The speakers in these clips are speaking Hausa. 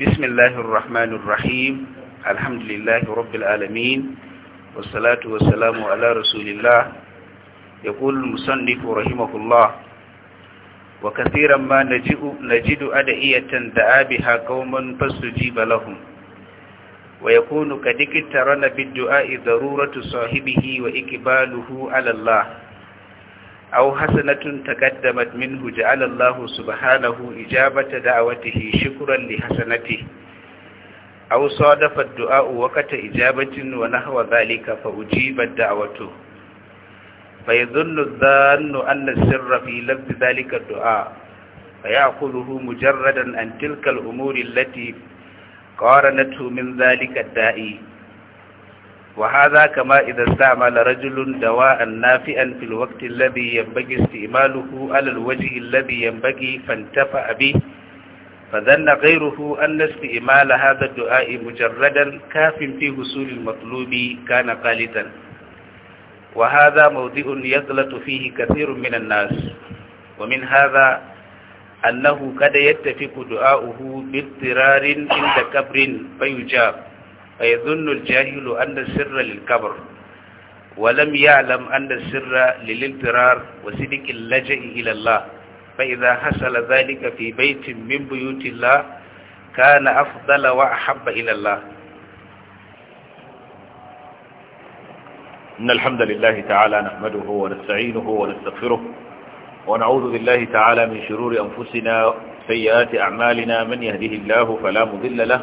بسم الله الرحمن الرحيم الحمد لله رب العالمين والصلاة والسلام على رسول الله يقول المصنف رحمه الله وكثيرا ما نجد, نجد أدعية دعا بها قوما فاستجيب لهم ويكون قد اقترن بالدعاء ضرورة صاحبه وإقباله على الله أو حسنة تقدمت منه جعل الله سبحانه إجابة دعوته شكرا لحسنته أو صادف الدعاء وقت إجابة ونحو ذلك فأجيبت دعوته فيظن الظان أن السر في لفظ ذلك الدعاء فيأخذه مجردا عن تلك الأمور التي قارنته من ذلك الدائي وهذا كما إذا استعمل رجل دواء نافئا في الوقت الذي ينبغي استعماله على الوجه الذي ينبغي فانتفع به فظن غيره أن استعمال هذا الدعاء مجردا كاف في وصول المطلوب كان قالتا وهذا موضع يغلط فيه كثير من الناس ومن هذا أنه قد يتفق دعاؤه باضطرار عند كبر فيجاب فيظن الجاهل أن السر للكبر ولم يعلم أن السر للانفرار وصدق اللجأ إلى الله فإذا حصل ذلك في بيت من بيوت الله كان أفضل وأحب إلى الله إن الحمد لله تعالى نحمده ونستعينه ونستغفره ونعوذ بالله تعالى من شرور أنفسنا سيئات أعمالنا من يهده الله فلا مضل له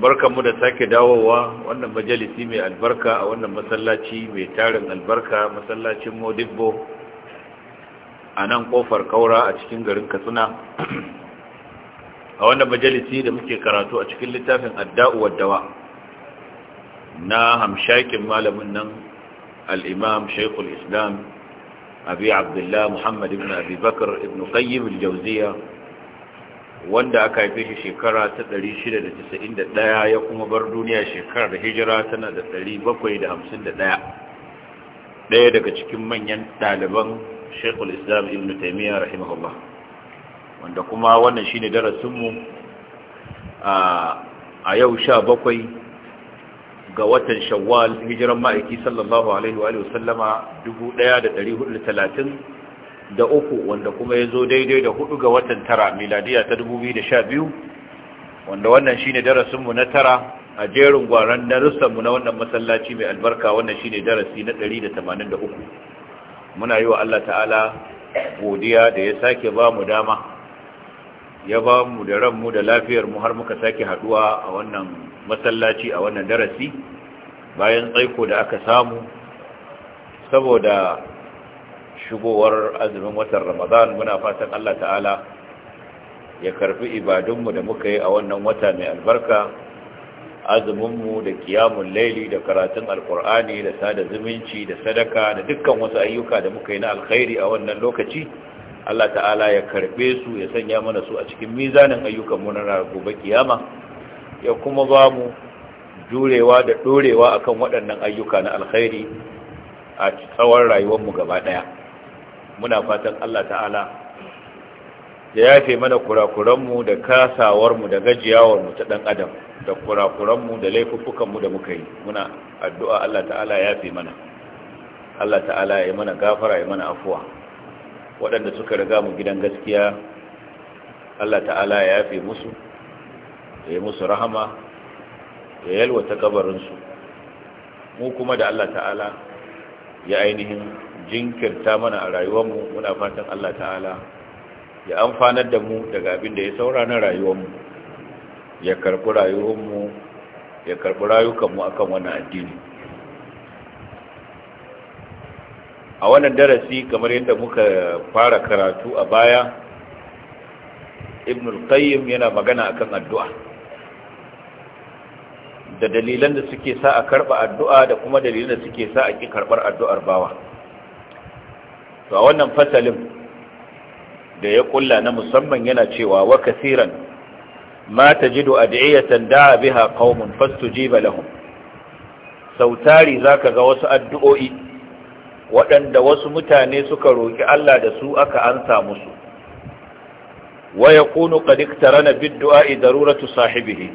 barkanmu da sake dawowa wannan majalisi mai albarka a wannan masallaci mai tarin albarka masallacin modibbo a nan kofar kaura a cikin garin katsina a wannan majalisi da muke karatu a cikin littafin adda'u waddawa na hamshakin malamin nan al'imam shaikul islam abi abdullah muhammad ibn abi ibn qayyim al-jauziya wanda aka haife shi shekara ta 691 ya kuma bar duniya shekarar da hijira tana da 751 ɗaya daga cikin manyan ɗaliban shekul islam ibn taimiyya rahimahullah wanda kuma wannan shine darasinmu a yau sha bakwai ga watan shawwal hijiran ma'aiki sallallahu alaihi wa sallama 1430 da uku wanda kuma ya zo daidai da hudu ga watan tara miladiya ta 2012 wanda wannan shine mu na tara a jerin gwaran gwaron mu na wannan masallaci mai albarka wannan shine darasi na ɗari da da uku, muna yi wa Allah ta'ala godiya da ya sake ba mu dama ya ba mu da ranmu da lafiyar mu har muka sake haduwa a wannan masallaci a wannan darasi bayan tsaiko da aka samu saboda shigowar azumin watan ramadan muna fatan Allah ta'ala ya karfi ibadunmu da muka yi a wannan wata mai albarka azuminmu da kiyamun laili da karatun alkur'ani da sada zumunci da sadaka da dukkan wasu ayyuka da muka yi na alkhairi a wannan lokaci Allah ta'ala ya karbe su ya sanya mana su a cikin mizanin ayyukanmu na gobe kiyama ya kuma ba mu jurewa da dorewa akan waɗannan ayyuka na alkhairi a tsawon rayuwarmu gaba ɗaya muna fatan Allah ta'ala ya yafe mana kurakuranmu da kasawarmu da gajiyawarmu ta ɗan adam da kurakuranmu da laifukanmu da muka yi muna addu'a Allah ta'ala ya yafe mana Allah ta'ala ya mana gafara ya mana afuwa waɗanda suka riga mu gidan gaskiya Allah ta'ala ya yafe musu ya yi musu rahama ya yalwata kabarinsu mu kuma da Allah ta'ala ya ainihin jinkirta mana a rayuwarmu muna fatan Allah ta'ala ya amfanar da mu daga abin da ya saura na rayuwarmu ya karɓi rayuwarmu ya karɓi rayukanmu akan wannan addini a wannan darasi kamar yadda muka fara karatu a baya ibn al-qayyim yana magana akan addu'a da dalilan da suke sa a karɓa addu'a da kuma dalilan da suke sa a ƙi karɓar addu'ar bawa to wannan fasalin da ya kulla na musamman yana cewa wa kasiran ma tajidu ad'iyatan da'a biha qaumun fastujiba lahum sautari zaka ga wasu addu'o'i waɗanda wasu mutane suka roki Allah da su aka ansa musu wa yakunu qad iktarana bid daruratu sahibihi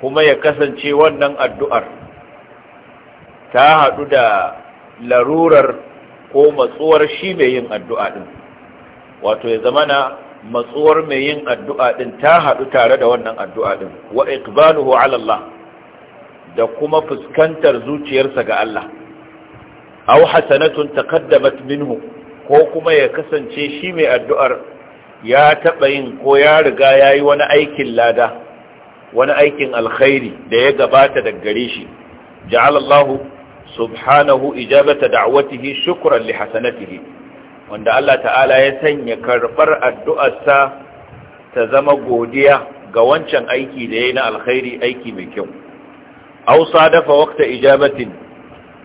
kuma ya kasance wannan addu'ar ta haɗu da larurar ko matsuwar shi mai yin addu'a din wato ya zama na matsuwar mai yin addu'a ɗin ta haɗu tare da wannan addu'a ɗin wa iqbaluhu alallah da kuma fuskantar zuciyarsa ga Allah aw hasanatun taqaddamat minhu ko kuma ya kasance shi mai addu'ar ya taɓa yin ko ya riga ya yi wani aikin lada wani aikin alkhairi da ya gabata daga gare shi ja'alallahu subhanahu ijabata da'watihi shukran li hasanatihi wanda Allah ta'ala ya sanya karbar addu'arsa ta zama godiya ga wancan aiki da yayi na alkhairi aiki mai kyau Hausa dafa waqta ijabatin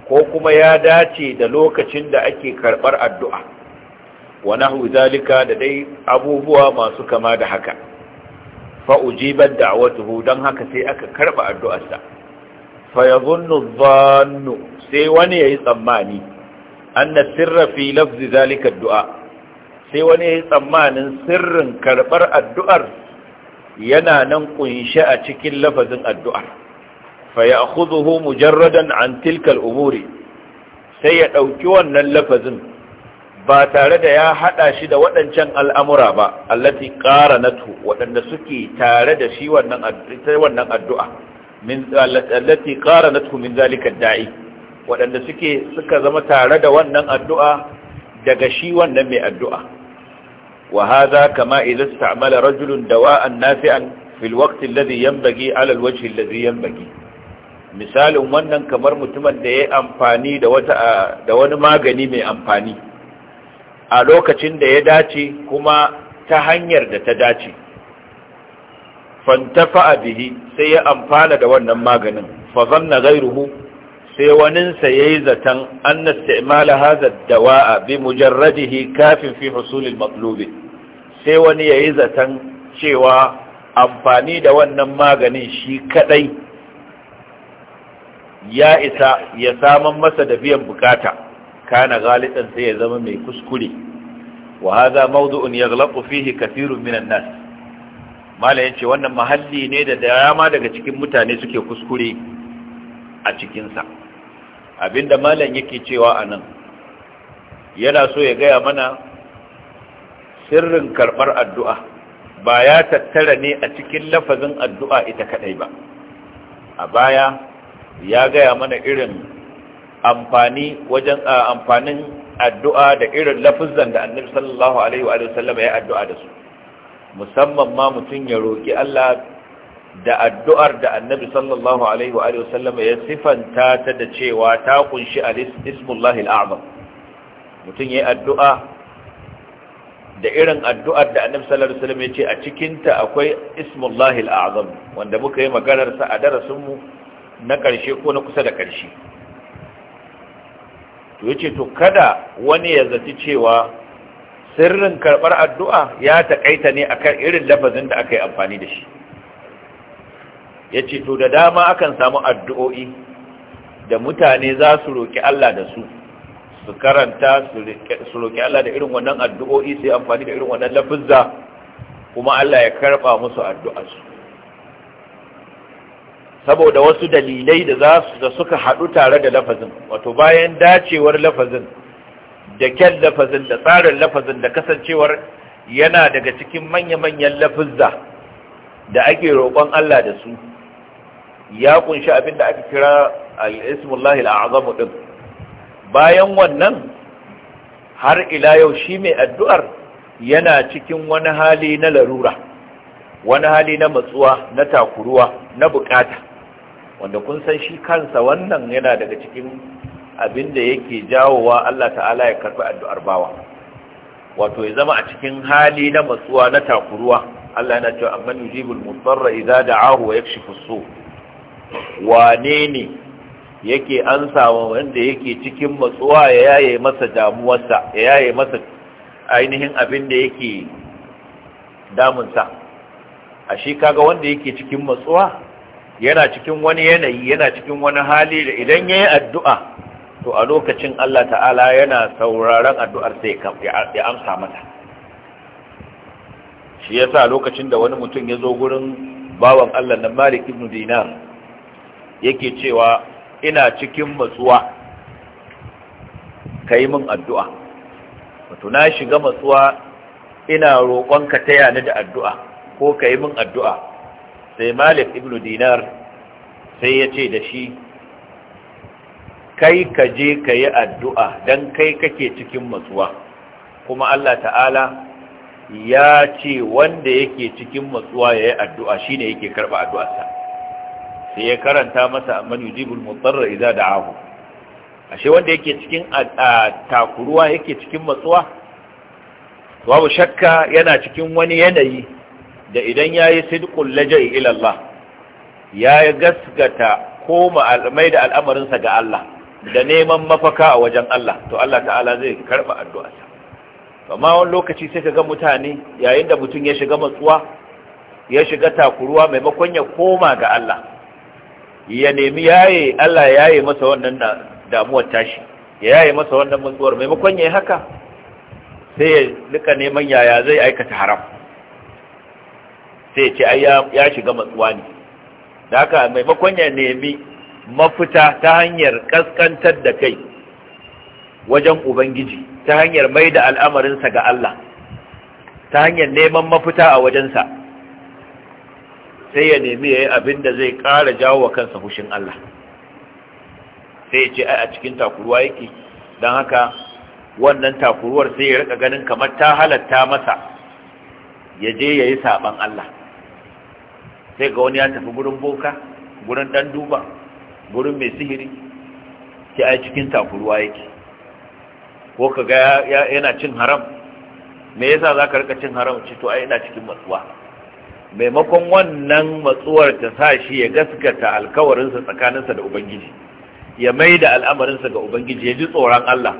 ko kuma ya dace da lokacin da ake karbar addu'a wa zalika da dai abubuwa masu kama da haka fa ujibat da'watuhu don haka sai aka karba addu'arsa fa yadhunnu sai wani yayi tsammani anna sirra fi lafzi zalika du'a sai wani yayi tsammanin sirrin karbar addu'ar yana nan kunshi a cikin lafazin addu'ar fa ya'khudhuhu mujarradan an tilka umuri sai ya dauki wannan lafazin ba tare da ya hada shi da waɗancan al'amura ba allati tu waɗanda suke tare da shi wannan addu'a min allati qaranathu min zalika da'i waɗanda suke suka zama tare da wannan addu'a daga shi wannan mai addu'a wa hadha kama idza ista'mala rajulun dawa'an nafi'an fil waqti alladhi bagi 'ala alwajhi alladhi bagi? misalin wannan kamar mutumin da ya amfani da wani magani mai amfani a lokacin da ya dace kuma ta hanyar da ta dace a bihi sai ya amfana da wannan maganin fa zanna ghayruhu sai waninsa yayi zatan anna istimala hadha dawa'a bi mujarradihi kafin fi husul al sai wani yayi zatan cewa amfani da wannan maganin shi kadai ya isa ya saman masa da biyan bukata kana galidan sai ya zama mai kuskure wa hadha mawdu'un yaghlaqu fihi kathirun minan nas mala yace wannan mahalli ne da dama daga cikin mutane suke kuskure a cikinsa abinda malam yake cewa anan yana so ya gaya mana sirrin karɓar addu'a ba ya tattara ne a cikin lafazin addu'a ita kaɗai ba a baya ya gaya mana irin amfani wajen amfanin addu'a da irin lafazin da annabi sallallahu alaihi wa sallama ya addu'a da su musamman ma mutum ya roƙi Allah da addu'ar da annabi sallallahu alaihi wa ya sifanta ta da cewa ta kunshi al-ismullahi azam mutum yayi addu'a da irin addu'ar da annabi sallallahu alaihi wasallam ya ce a cikinta akwai ismullahi al'azam wanda muka yi maganarsa a darasin mu na ƙarshe ko na kusa da ƙarshe to yace to kada wani ya zaci cewa sirrin karɓar addu'a ya taƙaita ne a kan irin lafazin da aka yi amfani da shi ya ce to da dama akan samu addu'o'i da mutane za su roƙi Allah da su su karanta su roƙi Allah da irin wannan addu'o'i yi amfani da irin wannan lafizza kuma Allah ya karɓa musu addu'arsu saboda wasu dalilai da suka haɗu tare da lafazin wato bayan dacewar lafazin da kyan lafazin da tsarin lafazin da kasancewar yana daga cikin manya-manyan lafizza da ake roƙon Allah da su ya kunshi abin da aka kira al'ismullahi al'azamu ɗin bayan wannan har ila yau shi mai addu'ar yana cikin wani hali na larura wani hali na matsuwa na takuruwa na bukata wanda kun san shi kansa wannan yana daga cikin abinda yake jawowa Allah ta'ala ya karɓi addu'ar bawa wato ya zama a cikin hali na matsuwa na takuruwa Allah yana cewa amma yujibul mutarra idza da'ahu wa yakshifu su wane ne yake an samu wanda yake cikin matsuwa ya yaye masa damuwarsa ya yaye masa ainihin abin da yake damunsa a shi kaga wanda yake cikin matsuwa yana cikin wani yanayi yana cikin wani hali da idan yayi addu'a to a lokacin Allah ta'ala yana sauraron addu'ar sai ya amsa mata shi yasa lokacin da wani mutum ya zo gurin bawan Allah na Malik ibn Dinar yake cewa ina cikin matsuwa kai min addu'a wato na shiga matsuwa ina roƙon ka taya ni da addu'a ko kai min addu'a sai Malik ibn Dinar sai ya ce da shi kai ka je ka yi addu'a don kai kake cikin matsuwa kuma Allah ta'ala ya ce wanda yake cikin matsuwa ya yi addu'a shi ne yake karɓa addu'arsa sai ya karanta masa a manujibul mutsarra iza da ahu ashe wanda yake cikin takuruwa yake cikin matsuwa babu shakka yana cikin wani yanayi da idan ya yi sidkun laja'i ilallah ya gaskata ko mai da al'amarinsa ga Allah da neman mafaka a wajen Allah to Allah ta'ala zai karba addu'arsa amma wani lokaci sai ka ga mutane yayin da mutum ya shiga matsuwa ya shiga takuruwa maimakon ya koma ga Allah ya nemi yaye Allah ya yaye masa wannan damuwar tashi ya yaye masa wannan matsuwar maimakon ya yi haka sai ya duka neman yaya zai aikata haram sai ya ce ai ya shiga matsuwa ne da haka maimakon ya nemi mafita ta hanyar kaskantar da kai wajen ubangiji ta hanyar mai da al'amarinsa ga Allah ta hanyar neman mafita a wajensa sai ya nemi ya yi abin da zai ƙara jawo wa kansa hushin Allah sai ya ce a cikin takuruwa yake don haka wannan takuruwar sai ya rika ganin kamar ta halatta masa ya je ya yi saɓan Allah sai ga wani ya tafi gurin boka gurin ɗan duba gurin mai sihiri ki ai cikin takuruwa yake ko ka ga yana cin haram me yasa za ka rika cin haram ce to ai ina cikin matsuwa maimakon wannan matsuwar ta sa shi ya gaskata alkawarinsa tsakaninsa da ubangiji ya mai da al'amarinsa ga ubangiji ya ji tsoron Allah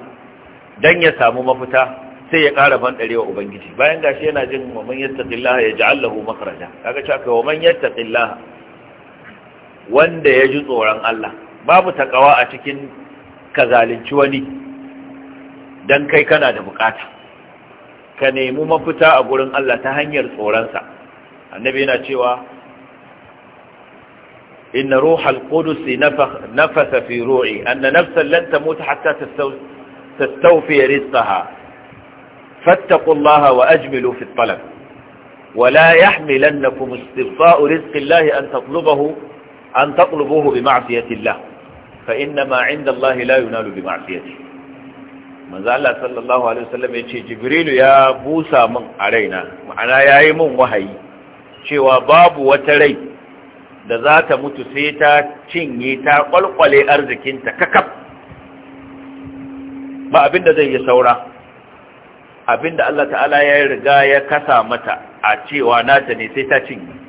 dan ya samu mafita sai ya ƙara wa ubangiji bayan gashi yana jin wa man yattaqillaha yaj'al lahu makhraja kaga cewa wa man yattaqillaha wanda ya ji tsoron Allah babu takawa a cikin ka zalunci wani dan kai kana da bukata ka nemi mafita a gurin Allah ta hanyar tsoronsa annabi yana cewa inna ruhal qudus nafasa fi ru'i anna nafsan lan tamut hatta tastawfi rizqaha fattaqullaha wa ajmilu fi at-talab ولا يحملنكم استبطاء رزق الله أن تطلبه an taqlubuhu bi ma'siyatillah fa inna ma 'inda Allah la yunalu bi ma'siyati manzo Allah sallallahu alaihi wasallam yace jibrilu ya busa min a raina ma'ana yayi min wahayi cewa babu wata rai da za ta mutu sai ta cinye ta kwalkwale arzikinta kakaf ba abinda zai yi saura abinda Allah ta'ala ya riga ya kasa mata a cewa nata ne sai ta cinye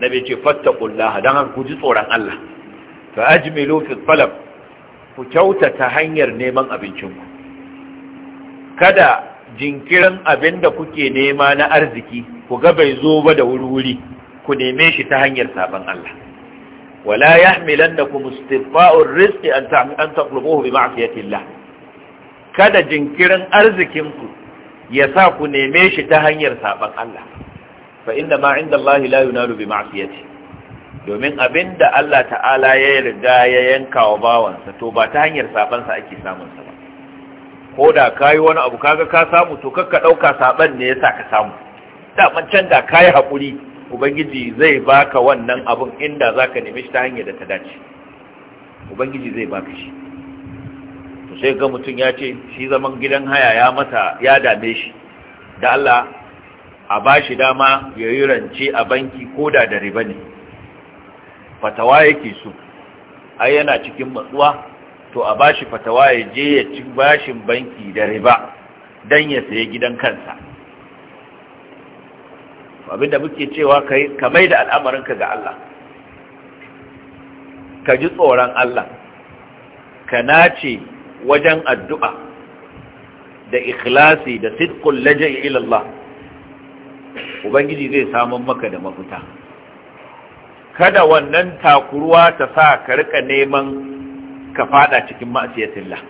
nabi ce fattaqullaha dan haka ku ji tsoron Allah fa ajmilu fi talab ku kyautata hanyar neman abincinku kada jinkirin abinda kuke nema na arziki ku ga bai zo ba da wuri-wuri ku neme shi ta hanyar sabon Allah wala yahmilannakum istifa'ur rizqi an an taqlubuhu bi ma'siyatillah kada jinkirin arzikinku ya sa ku neme shi ta hanyar sabon Allah fa inda ma inda Allah la yunalu bi ma'siyati domin abinda Allah ta'ala ya riga ya yanka wa bawansa to ba ta hanyar saban ake samun ba ko da kai wani abu kaga ka samu to kakka dauka saban ne yasa ka samu da can da kai hakuri ubangiji zai baka wannan abun inda zaka nemi shi ta hanyar da ta dace ubangiji zai baka shi to sai ga mutun ya ce shi zaman gidan haya ya mata ya dame shi da Allah a ba shi dama ya yi rance a banki ko da da riba ne fatawa yake so ai yana cikin matsuwa to a ba shi fatawa ya je ya ci bashin banki da riba don ya sayi gidan kansa abinda muke cewa ka mai da al'amarinka ga Allah ka ji tsoron Allah ka nace wajen addu'a da ikhlasi da sidkun laje ilallah ubangiji zai samun maka da mafita kada wannan takurwa ta sa ka rika neman ka fada cikin ma'asiyatillah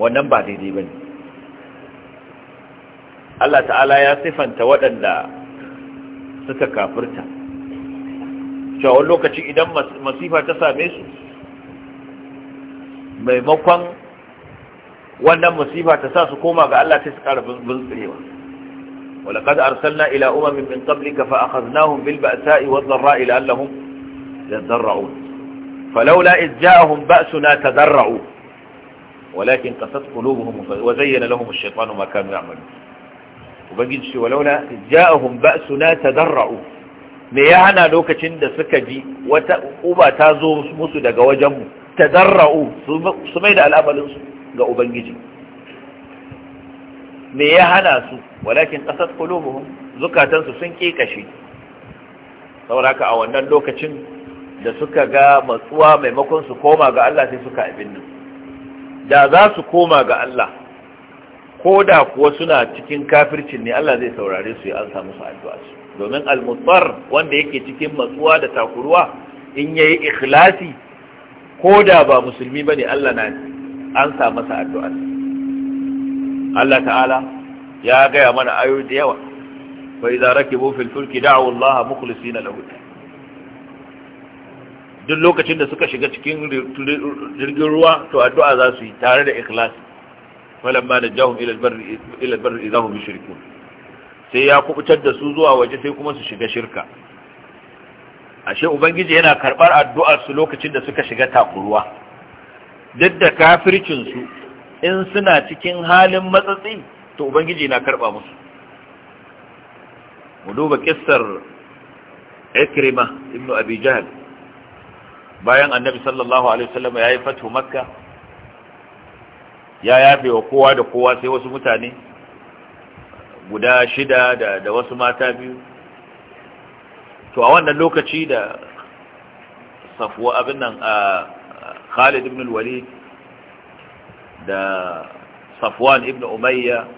wannan ba daidai ba ne. Allah ta'ala ya sifanta waɗanda suka kafirta cewa lokaci idan masifa ta same su maimakon wannan masifa ta sa su koma ga Allah ta su ƙara buntsirewa ولقد أرسلنا إلى أمم من قبلك فأخذناهم بالبأساء والضراء لأنهم يتضرعون فلولا إذ جاءهم بأسنا تضرعوا ولكن قست قلوبهم وزين لهم الشيطان ما كانوا يعملون وبنجد ولولا إذ جاءهم بأسنا تضرعوا ميعنا ya شند سكجي da تازو مسودا wata تدرعوا ta zo musu daga wajenmu ta walakin qasat qulubuhum zukatansu sun kikashe sauraka a wannan lokacin da suka ga matsuwa maimakon su koma ga Allah sai suka abin nan da za su koma ga Allah ko da kuwa suna cikin kafircin ne Allah zai saurare su ya ansa musu addu'a su domin al-mutsar wanda yake cikin matsuwa da takuruwa in yayi ikhlasi ko da ba musulmi bane Allah na an ansa masa addu'a Allah ta'ala ya gaya mana ayo da yawa fa idza rakibu fil fulki da'u Allah mukhlisina lahu duk lokacin da suka shiga cikin jirgin ruwa to addu'a za su yi tare da ikhlas falamma najahum ila al-barri ila al-barri sai ya kubutar da su zuwa waje sai kuma su shiga shirka ashe ubangiji yana karbar addu'ar su lokacin da suka shiga takuruwa duk da kafircin su in suna cikin halin matsatsi to ubangiji na karba musu mu duba kissar ikrima ibnu abi jahl bayan annabi sallallahu alaihi wasallam yayi fatu makka ya yafe wa kowa da kowa sai wasu mutane guda shida da, da wasu mata biyu to a wannan lokaci da safuwa abin nan a khalid ibn al-walid da safwan ibn umayya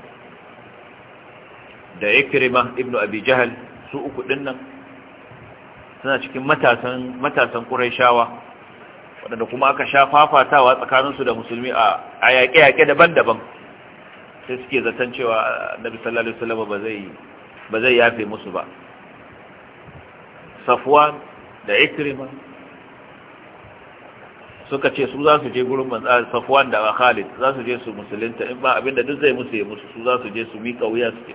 da ikrima ibnu abi jahal su uku nan suna cikin matasan matasan quraishawa waɗanda kuma aka sha fafatawa tsakaninsu da musulmi a yaƙe-yaƙe daban-daban sai suke zaton cewa nabi sallallahu alaihi wasallam ba zai ba zai yafe musu ba safwan da ikrima suka ce su za su je gurin manzo safwan da khalid za su je su musulunta in ba abinda duk zai musu ya musu su za su je su miƙa wuya su ce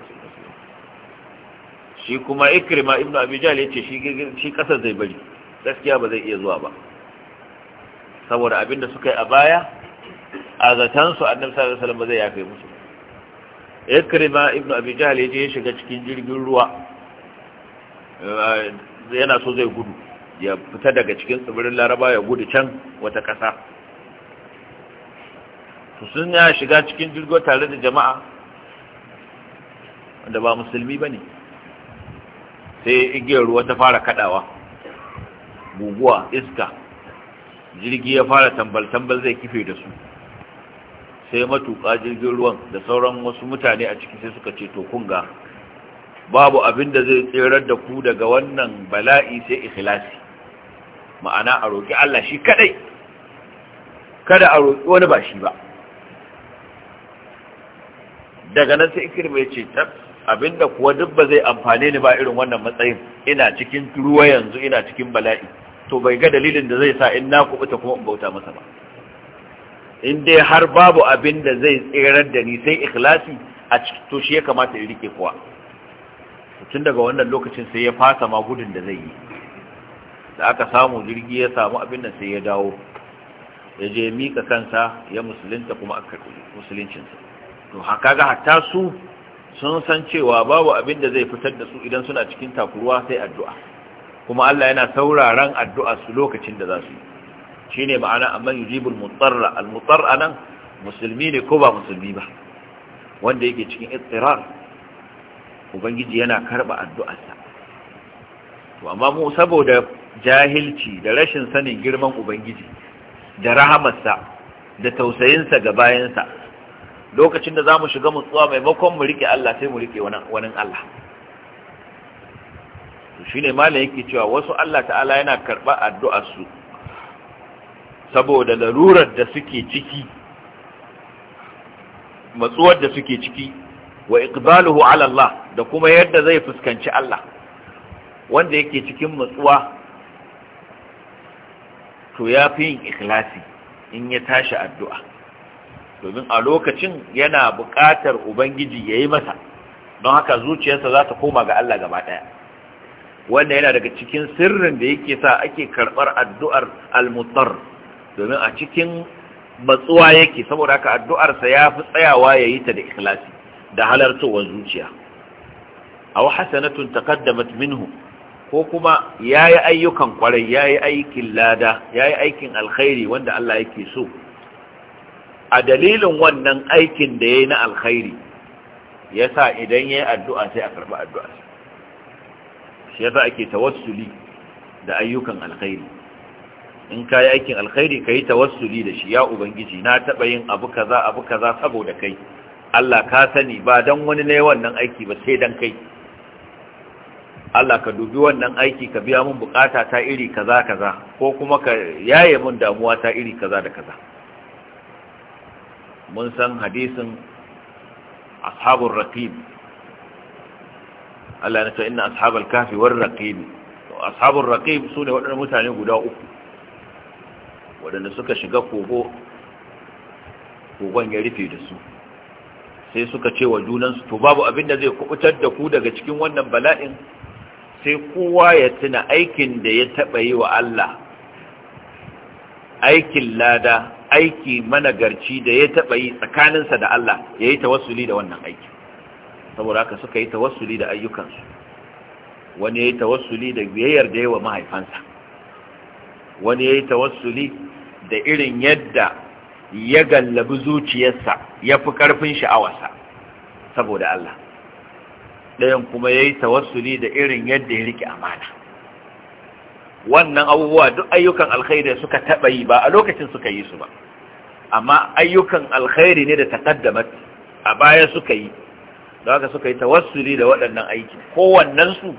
shi kuma ikrima ibn Abijal ya yace shi shi kasar zai bari gaskiya ba zai iya zuwa ba saboda abinda suka yi a baya a zatan su annabi sallallahu alaihi wasallam zai yafe musu ikrima ibn Abijal ya yace ya shiga cikin jirgin ruwa eh, yana so zai gudu ya fita daga cikin tsibirin laraba ya gudu can wata kasa sun ya shiga cikin jirgin tare da jama'a da ba musulmi ba ne sai igiyar ruwa ta fara kadawa guguwa iska jirgi ya fara tambal-tambal zai kife da su sai matuka jirgin ruwan da sauran wasu mutane a ciki sai suka ce to kunga babu abin da zai tserar da ku daga wannan bala'i sai ikhlasi ma'ana a roƙi Allah shi kadai kada a roƙi wani ba shi ba daga nan sai ikirma ya ce abinda kuwa duk ba zai amfane ni ba irin wannan matsayin ina cikin ruwa yanzu ina cikin bala'i to bai ga dalilin da zai sa in na kubuta kuma in bauta masa ba in dai har babu abin da zai tserar da ni sai ikhlasi a to shi ya kamata in rike kuwa tun daga wannan lokacin sai ya fasa ma gudun da zai yi da aka samu jirgi ya samu abin da sai ya dawo ya je mika kansa ya musulunta kuma aka musuluncinsa to haka ga hatta su sun san cewa babu abin da zai fitar da su idan suna cikin takuruwa sai addu'a kuma Allah yana sauraron addu'a su lokacin da za su yi shi ne ma'ana amma yujibul mutsarra al-mutsar nan musulmi ne ko ba musulmi ba wanda yake cikin istirar ubangiji yana karɓa addu'arsa to amma mu saboda jahilci da rashin sanin girman ubangiji da rahamarsa da tausayinsa ga bayansa lokacin da za mu shiga mutsuwa maimakon mu rike Allah sai mu rike wani Allah shi ne malam yake cewa wasu Allah ta'ala yana karɓa addu'arsu saboda larurar da suke ciki matsuwar da suke ciki wa iqbaluhu ala Allah da kuma yadda zai fuskanci Allah wanda yake cikin matsuwa to ya fi yin ikhlasi in ya tashi addu'a domin a lokacin yana buƙatar ubangiji ya yi masa don haka zuciyarsa za ta koma ga Allah gaba ɗaya wanda yana daga cikin sirrin da yake sa ake karɓar addu'ar almutar domin a cikin matsuwa yake saboda haka addu'arsa ya fi tsayawa ya yi ta da ikilasi, da halartowar zuciya A wa hasanatun taqaddamat minhu ko kuma ya yi ayyukan kwarai yi aikin lada ya yi aikin alkhairi wanda Allah yake so a dalilin wannan aikin da ya yi na alkhairi ya sa idan ya yi addu'a sai a karɓi addu'a shi ya a ake tawassuli da ayyukan alkhairi in ka yi aikin alkhairi ka yi tawassuli da shi ya ubangiji na taɓa yin abu kaza abu kaza saboda kai Allah ka sani ba don wani ne wannan aiki ba sai don kai Allah ka dubi wannan aiki ka biya mun bukata ta iri kaza kaza ko kuma ka yaye mun damuwa ta iri kaza da kaza mun san hadisin ashabul raqib Allah ya ce inna ashabal kafi war raqib ashabul raqib ne waɗanda mutane guda uku waɗanda suka shiga kogo kogon ya rufe da su sai suka ce wa junansu to babu abin da zai kubutar da ku daga cikin wannan bala'in sai kowa ya tuna aikin da ya taɓa yi wa Allah aikin lada aiki managarci da ya taɓa yi tsakaninsa da Allah ya yi tawassuli da wannan aiki saboda haka suka yi tawassuli da ayyukansu wani ya yi tawassuli da biyayyar da yawa mahaifansa wani ya yi tawassuli da irin yadda ya gallabi zuciyarsa ya fi ƙarfin sha'awarsa saboda Allah ɗayan kuma ya yi tawassuli da irin yadda ya rike amana wannan abubuwa duk ayyukan alkhairi suka taɓa yi ba a lokacin suka yi su ba amma ayyukan alkhairi ne da takaddamat a baya suka yi da haka suka yi tawassuli da waɗannan aiki kowannen su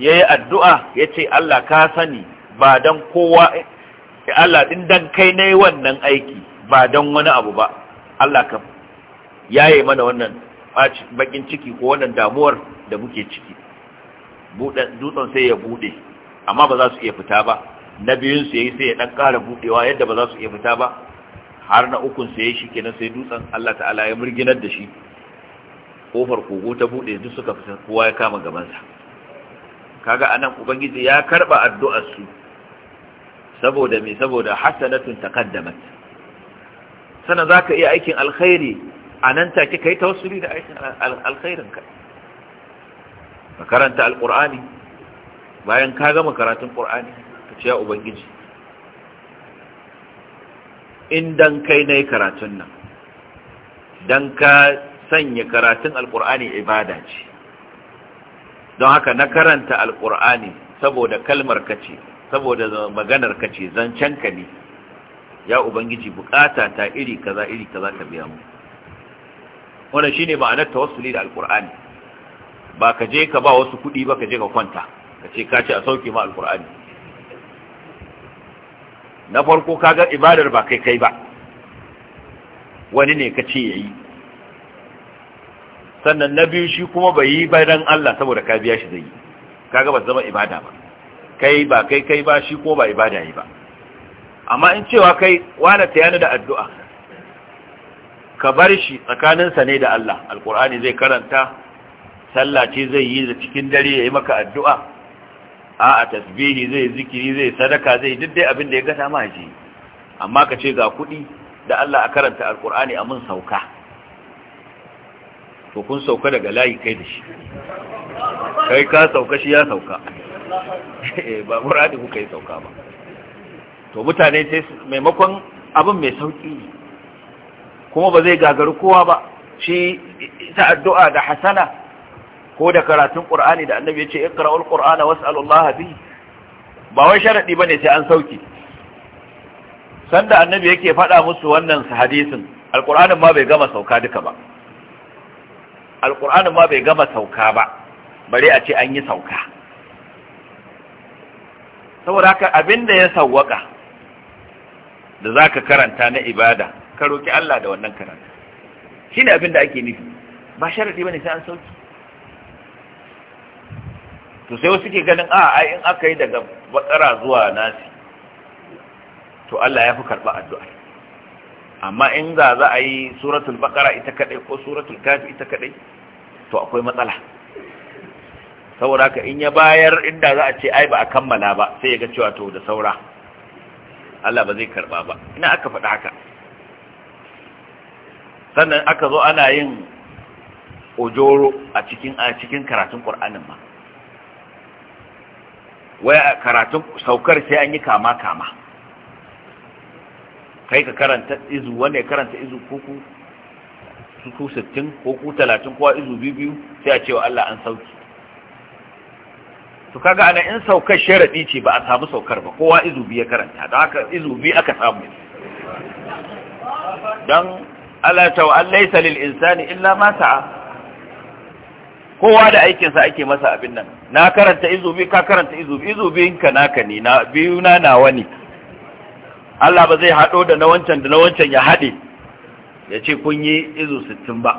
yayi addu'a yace Allah ka sani ba dan kowa Allah din dan kai ne wannan aiki ba dan wani abu ba Allah ka yaye mana wannan bakin ciki ko wannan damuwar da muke ciki dutsen sai ya bude amma ba za su iya fita ba na biyun su yayi sai ya dan ƙara budewa yadda ba za su iya fita ba har na ukun sai shi kenan sai dutsen Allah ta'ala ya murginar da shi kofar kogo ta bude duk suka fita kowa ya kama gaban sa kaga anan ubangiji ya karba addu'ar su saboda me saboda hasanatun taqaddamat sana zaka iya aikin alkhairi anan take kai tawassuli da aikin alkhairin ka ka karanta alqur'ani bayan ka gama karatun ƙur'ani ka ce ya ubangiji in don kai na yi karatun nan don ka sanya karatun alƙur'ani ibada ce don haka na karanta alƙur'ani saboda kalmar ka ce saboda maganar ka ce zancen ka ne ya ubangiji bukata ta iri kaza iri kaza ka biya mu wannan shine ma'anar tawassuli da alƙur'ani ba ka je ka ba wasu kuɗi ba ka je ka kwanta ka ce ka ce a sauke ma alkur'ani na farko kaga ibadar ba kai kai ba wani ne ka ce ya yi. sannan na biyu shi kuma bai yi bayan Allah saboda ka biya shi zai yi kaga ba zama ibada ba kai ba kai kai ba shi ko ba ibada yi ba amma in cewa kai wala yana da addu'a ka bar shi tsakaninsa ne da Allah alkur'ani zai karanta sallah ce zai yi da cikin dare ya yi maka addu'a a a tasbihi zai zikiri zai sadaka zai duk dai abin da ya gata ma shi amma ka ce ga kuɗi da Allah a karanta alkur'ani a mun sauka to kun sauka daga layi kai da shi kai ka sauka shi ya sauka eh, ba muradi ku yi sauka ba to mutane sai maimakon abin mai sauki kuma ba zai gagaru kowa ba shi ta addu'a da hasana ko da karatun qur'ani da annabi ya ce iqra'ul qur'ana was'alullaha bi ba wai sharadi bane sai an sauki sanda annabi yake faɗa musu wannan hadisin alqur'anin ma bai gama sauka duka ba alqur'anin ma bai gama sauka ba bare a ce an yi sauka saboda haka da ya sauwaƙa da zaka karanta na ibada ka roki Allah da wannan karatu shine da ake nufi ba sharadi bane sai an sauki to sai wasu ke ganin a ah, ai in aka yi daga bakara zuwa nasi to Allah ya fi karɓa addu'a amma in za a yi suratul bakara ita kaɗai, ko suratul kafi ita kaɗai, to akwai matsala saboda ka in ya bayar inda za a ce ai ba a kammala ba sai ya ga cewa to da saura Allah ba zai karɓa ba ina aka faɗa haka sannan aka zo ana yin ojoro a cikin a cikin karatun Qur'anin ma waya karatun saukar sai an yi kama kama kai ka karanta izu wanda ya karanta izu kuku ku sittin ko ku talatin kowa izu biyu biyu sai a cewa Allah an sauki to kaga ana in saukar sharadi ce ba a samu saukar ba kowa izu biyu ya karanta don haka izu biyu aka samu dan Allah ta wa Allah laysa lil insani illa ma sa'a kowa da aikinsa ake masa abin nan na karanta izubi ka karanta izubi izubinka naka ne na biyu na nawa ne Allah ba zai haɗo da na wancan da na wancan ya haɗe ya ce kun yi izu sittin ba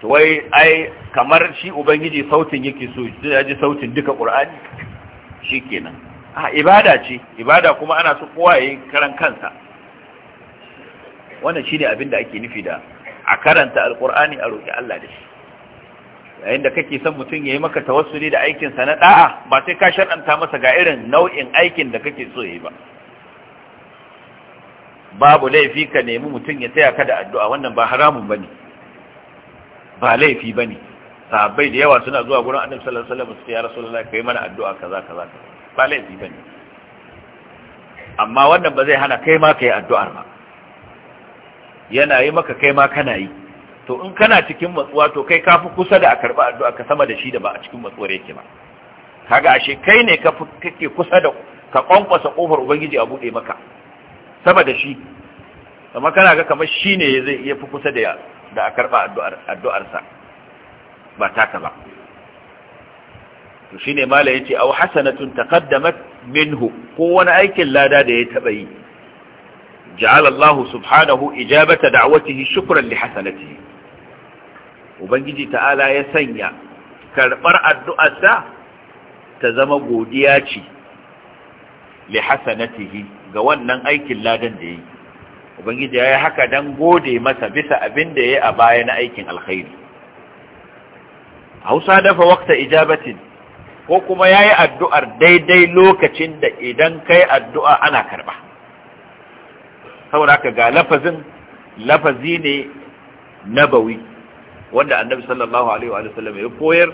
to wai ai kamar shi ubangiji sautin yake so ya ji sautin duka qur'ani shi kenan a ibada ce ibada kuma ana so kowa ya yi karan kansa wannan shi ne abin da ake nufi da a karanta alƙur'ani a roƙi Allah da shi yayin da kake son mutum ya yi maka tawassuli da aikinsa na da'a ba sai ka shar'anta masa ga irin nau'in aikin da kake so ya yi ba babu laifi ka nemi mutum ya taya ka da addu'a wannan ba haramun bane ba laifi bane sahabbai da yawa suna zuwa gurin annabi sallallahu alaihi wasallam su ya rasulullahi kai mana addu'a kaza kaza ba laifi bane amma wannan ba zai hana kai ma kai addu'ar ba yana yi maka kai ma kana yi to in kana cikin matsuwa to kai kafi kusa da a karɓi addu'a ka sama da shi da ba a cikin matsuwar yake ba kaga ashe kai ne ka kake kusa da ka kwankwasa kofar ubangiji a buɗe maka sama da shi amma kana ga kamar shi ne zai iya fi kusa da da a karɓa addu'ar addu'arsa ba taka ba to shine mala yace aw hasanatun taqaddamat minhu ko wani aikin lada da ya taba yi ja'ala Allah subhanahu ijabata da'watihi shukran li hasanatihi ubangiji ta'ala ya sanya karɓar addu'arsa ta zama godiya ce li hasanatihi ga wannan aikin ladan da yi ubangiji ya yi haka don gode masa bisa abin da ya yi a baya na aikin alkhairi hausa dafa wakta ijabatin ko kuma ya yi addu'ar daidai lokacin da idan kai addu'a ana karɓa saboda ka ga lafazin lafazi ne nabawi wanda annabi sallallahu alaihi wa sallam ya koyar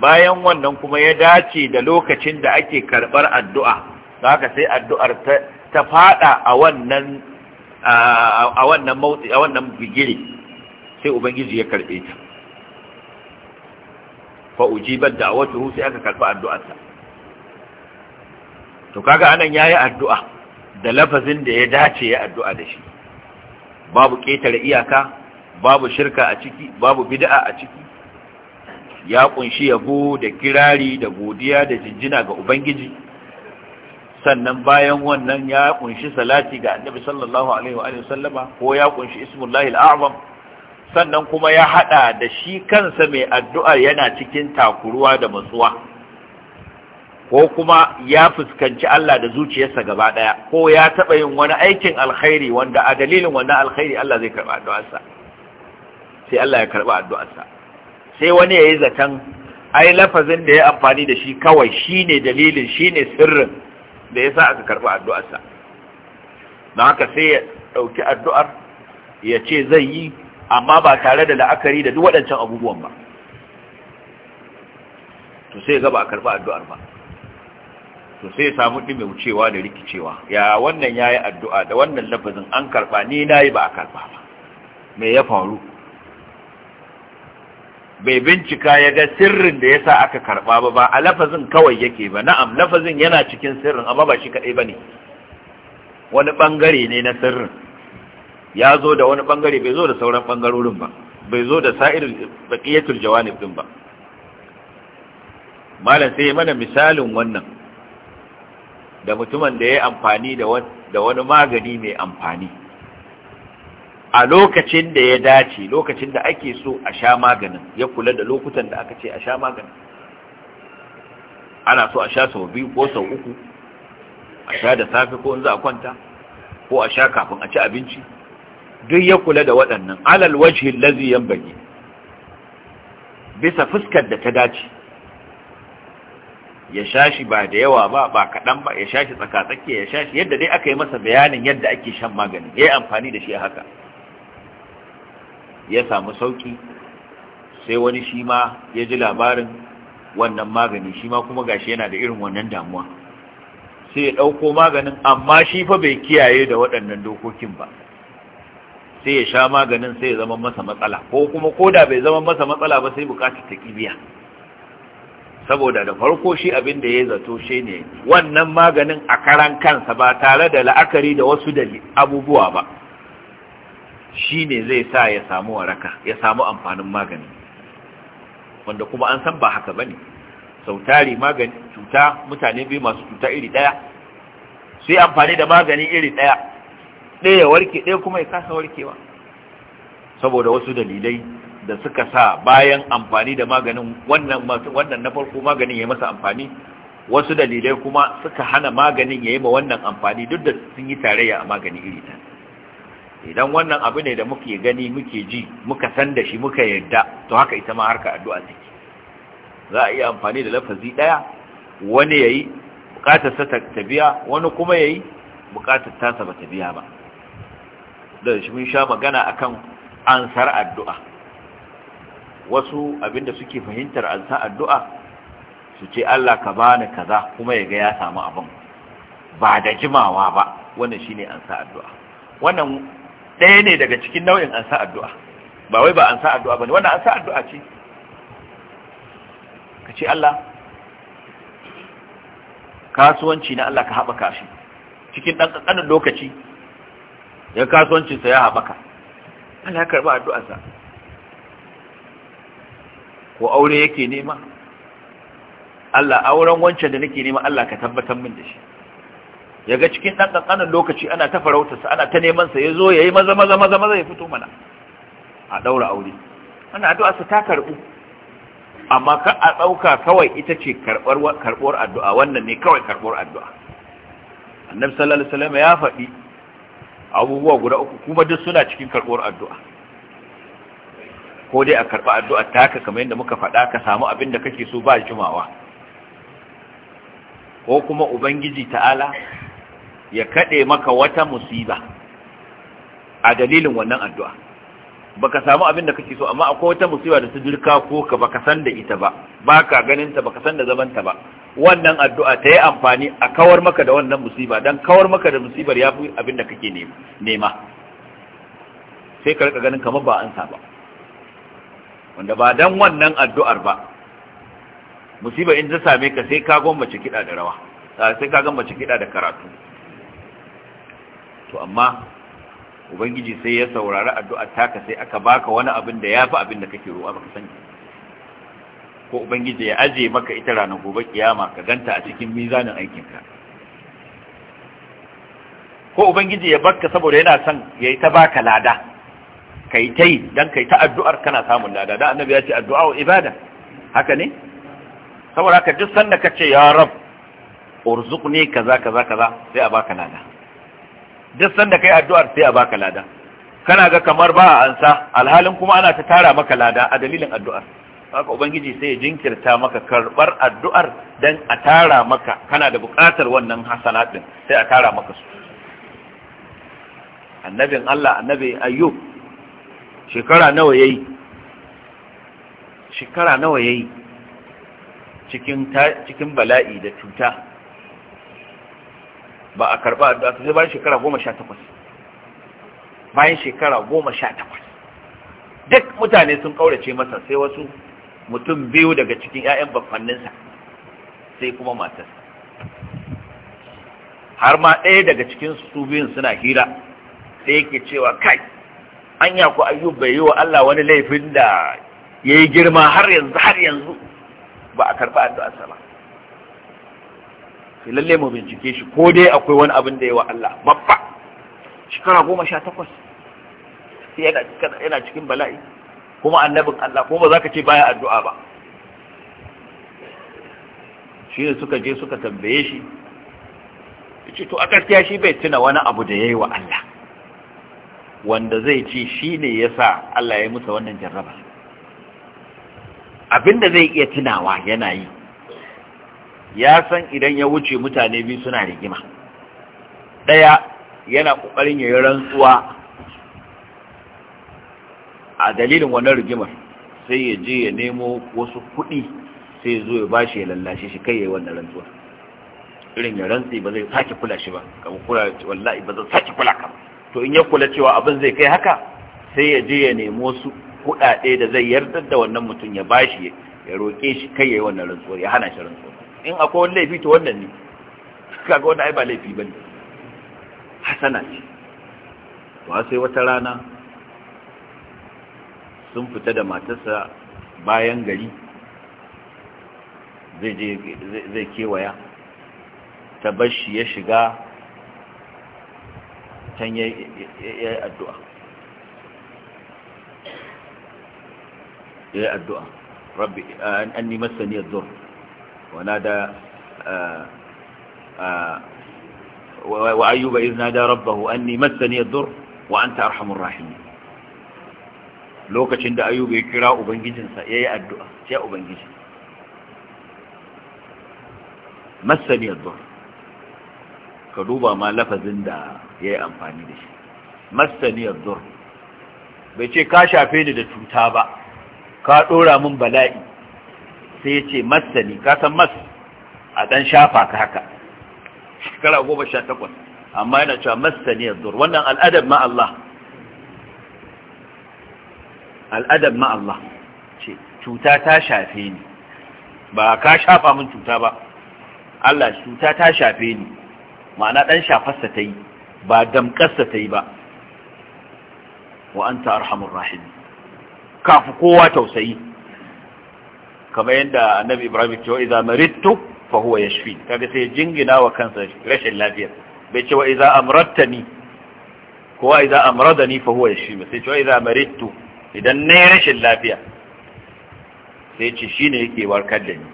bayan wannan kuma ya dace da lokacin da ake karbar addu'a haka sai addu'ar ta fada a wannan a wannan mauti a wannan bigire sai ubangiji ya karbe ta fa ujibat da'watuhu sai aka karba addu'arsa to kaga anan yayi addu'a da lafazin da ya dace ya addu'a da shi babu ketare iyaka babu shirka a ciki babu bid'a a ciki ya kunshi yabo da kirari da godiya da jinjina ga ubangiji sannan bayan wannan ya kunshi salati ga annabi sallallahu alaihi wa sallama ko ya kunshi ismullahi al'azam sannan kuma ya hada da shi kansa mai addu'a yana cikin takuruwa da masuwa, ko kuma ya fuskanci Allah da zuciyarsa gaba daya ko ya taba yin wani aikin alkhairi wanda a dalilin wannan alkhairi Allah zai karba addu'arsa sai Allah ya karɓi addu'arsa sai wani ya yi zaton ai lafazin da ya amfani da shi kawai shine dalilin shine sirrin da yasa aka karɓi addu'arsa don haka sai ya dauki addu'ar ya ce zai yi amma ba tare da la'akari da duk waɗancan abubuwan ba to sai ga ba a karɓi addu'ar ba to sai samu mai wucewa da rikicewa ya wannan ya yi addu'a da wannan lafazin an karɓa ni na yi ba a karɓa ba me ya faru bai bincika ya ga sirrin da yasa aka karba ba ba a lafazin kawai yake ba na'am lafazin yana cikin sirrin amma ba shi kadai ne. wani bangare ne na sirrin ya zo da wani bangare bai zo da sauran bangarorin ba bai zo da sa'ir baqiyatul jawanib din ba malam sai mana misalin wannan da mutumin da ya amfani da wani magani mai amfani a lokacin da ya dace lokacin da ake so a sha maganin ya kula da lokutan da aka ce a sha maganin ana so a sha sau biyu ko sau uku a sha da safe ko in za a kwanta ko a sha kafin a ci abinci duk ya kula da waɗannan alal wajhi lazi bage. bisa fuskar da ta dace ya sha shi ba da yawa ba ba kaɗan ba ya sha tsaka tsakatsakiya ya sha shi. yadda dai aka yi masa bayanin yadda ake shan magani ya yi amfani da shi haka ya samu sauki sai wani shi ma ya ji labarin wannan magani shi ma kuma gashi yana da irin wannan damuwa sai ya ɗauko maganin amma shi fa bai kiyaye da waɗannan dokokin ba sai ya sha maganin sai ya zama masa matsala ko kuma ko da bai zama masa matsala ba sai bukatar ta ƙibiya saboda da farko shi abin da ya zato shi ne wannan maganin a karan kansa ba tare da la'akari da wasu abubuwa ba shi ne zai sa ya samu waraka ya samu amfanin magani wanda kuma an san ba haka ba ne sautari magani cuta mutane biyu masu cuta iri ɗaya sai amfani da magani iri ɗaya ɗaya ya warke ɗaya kuma ya kasa warkewa saboda wasu dalilai da suka sa bayan amfani da maganin wannan wannan na farko maganin ya masa amfani wasu dalilai kuma suka hana maganin ya yi ma wannan amfani duk da sun yi tarayya a magani iri ɗaya idan wannan abu ne da muke gani muke ji muka san da shi muka yadda, to haka ita ma harka addu'a take za a iya amfani da lafazi daya wani yayi bukatar sa ta biya wani kuma yayi bukatar sa ba ta biya ba da shi mun sha magana akan ansar addu'a wasu abinda suke fahimtar ansar addu'a su ce Allah ka bani kaza kuma ya ga ya samu abin ba da jimawa ba wannan shine ansar addu'a wannan ɗaya ne daga cikin nau'in an sa addu'a ba wai ba an sa addu'a ba ne wannan an sa addu'a ce ka ce Allah kasuwanci na Allah ka haɓaka shi cikin ɗan ƙanƙanin lokaci ya kasuwancinsa ya haɓaka Allah ya karɓi addu'arsa ko aure yake nema Allah auren wancan da nake nema Allah ka tabbatar min da shi ya ga cikin ɗan ƙanƙanin lokaci ana ta farautarsa ana ta neman sa, ya zo ya yi maza maza maza maza ya fito mana a ɗaura aure ana addu'a su ta karɓu amma ka a ɗauka kawai ita ce karɓuwar addu'a wannan ne kawai karɓuwar addu'a annabi sallallahu alaihi wasallam ya faɗi abubuwa guda uku kuma duk suna cikin karɓuwar addu'a ko dai a karɓi addu'a ta haka kamar yadda muka faɗa ka samu abin da kake so ba jimawa ko kuma ubangiji ta'ala ya kaɗe maka wata musiba a dalilin wannan addu'a baka samu abin da kake so amma akwai wata musiba da ta dirka ko ka baka san da ita ba baka ganin ta baka san da zaman ta ba wannan addu'a ta yi amfani a kawar maka da wannan musiba dan kawar maka da musibar fi abin da kake nema sai ka rika ganin kamar ba an sa ba wanda ba dan wannan addu'ar ba musiba in ta same ka sai ka gwammace kiɗa da rawa sai ka gwammace kiɗa da karatu to amma ubangiji sai ya saurari addu'ar taka sai aka baka wani abin da yafi abin da kake roƙa baka sani ko ubangiji ya aje maka ita ranar gobe kiyama ka ganta a cikin mizanin aikinka ko ubangiji ya barka saboda yana son yayi ta baka lada kai tai dan kai ta addu'ar kana samun lada da annabi ya ce addu'a wa ibada haka ne saboda ka duk sanda kace ya rab urzuqni kaza kaza kaza sai a baka lada duk sanda kai addu'ar sai a baka lada kana ga kamar ba a ansa alhalin kuma ana ta tara maka lada a dalilin addu'ar haka ubangiji sai ya jinkirta maka karbar addu'ar dan a tara maka kana da buƙatar wannan hasanat din sai a tara maka su annabin Allah annabi ayyub shekara nawa yayi shekara nawa yayi cikin cikin bala'i da cuta ba a karba addu'a sai bayan shekara goma sha takwas. bayan shekara goma sha takwas. duk mutane sun kaurace masa sai wasu mutum biyu daga cikin 'ya'yan bafanninsa sai kuma matarsa har ma ɗaya daga cikin su biyun suna hira sai yake cewa kai anya ku ayyub bai yi wa Allah wani laifin da ya yi girma har yanzu har yanzu ba a karba addu'arsa ba lalle mu bincike shi ko dai akwai wani abin da yawa Allah babba shekara goma sha takwas yana cikin bala'i kuma annabin Allah kuma za ka ce baya addu'a ba shi ne suka je suka tambaye shi ce to a gaskiya shi bai tuna wani abu da yayi yi wa Allah wanda zai ce shi ne ya sa Allah ya yi musa wannan jarraba da zai iya tunawa yana yi ya san idan ya wuce mutane biyu suna rigima ɗaya yana ƙoƙarin ya yi rantsuwa a dalilin wannan rigimar sai ya je ya nemo wasu kuɗi sai zo ya bashi ya lallashe shi kai ya yi wannan rantsuwa. irin ya rantsi ba zai sake kula shi ba kamar kula wallahi ba zai sake kula ka to in ya kula cewa abin zai kai haka sai ya je ya nemo su kuɗaɗe da zai yarda da wannan mutum ya bashi ya roƙe shi kai ya yi wannan rantsuwa, ya hana shi rantsuwa. in akwai wani laifi ta wannan ne suka ga wani ba laifi bane hasana ce ba sai wata rana sun fita da matarsa bayan gari zai kewaya ta bashi ya shiga can ya yi addu'a ya yi addu'a rabbi an nima saniyar zuwa ونادى وأيوب إذ نادى ربه أني مسني الضر وأنت أرحم الراحمين lokacin da ayyuba ya kira ubangijinsa ya yi addu'a sai ubangiji masani addu'a ka duba ma lafazin da ya yi amfani da shi masani addu'a bai ce ka shafe ni da cuta ba ka ɗora min bala'i sai ya ce matsani ka san mas a ɗan shafa ka haka shekara goma sha takwas amma yana cewa matsani ya zur wannan al'adab ma Allah al'adab ma Allah ce cuta ta shafe ni ba ka shafa min cuta ba Allah cuta ta shafe ni ma'ana ɗan shafarsa ta yi ba damƙarsa ta yi ba wa an ta arhamun rahim kafi kowa tausayi kamar yadda annabi ibrahim ce wa idza maridtu fa huwa yashfi kaga sai jingina wa kansa rashin lafiya bai ce wa idza amradtani ko wa idza amradani fa huwa yashfi sai ce wa idza maridtu idan ne rashin lafiya sai ce shine yake warkar da ni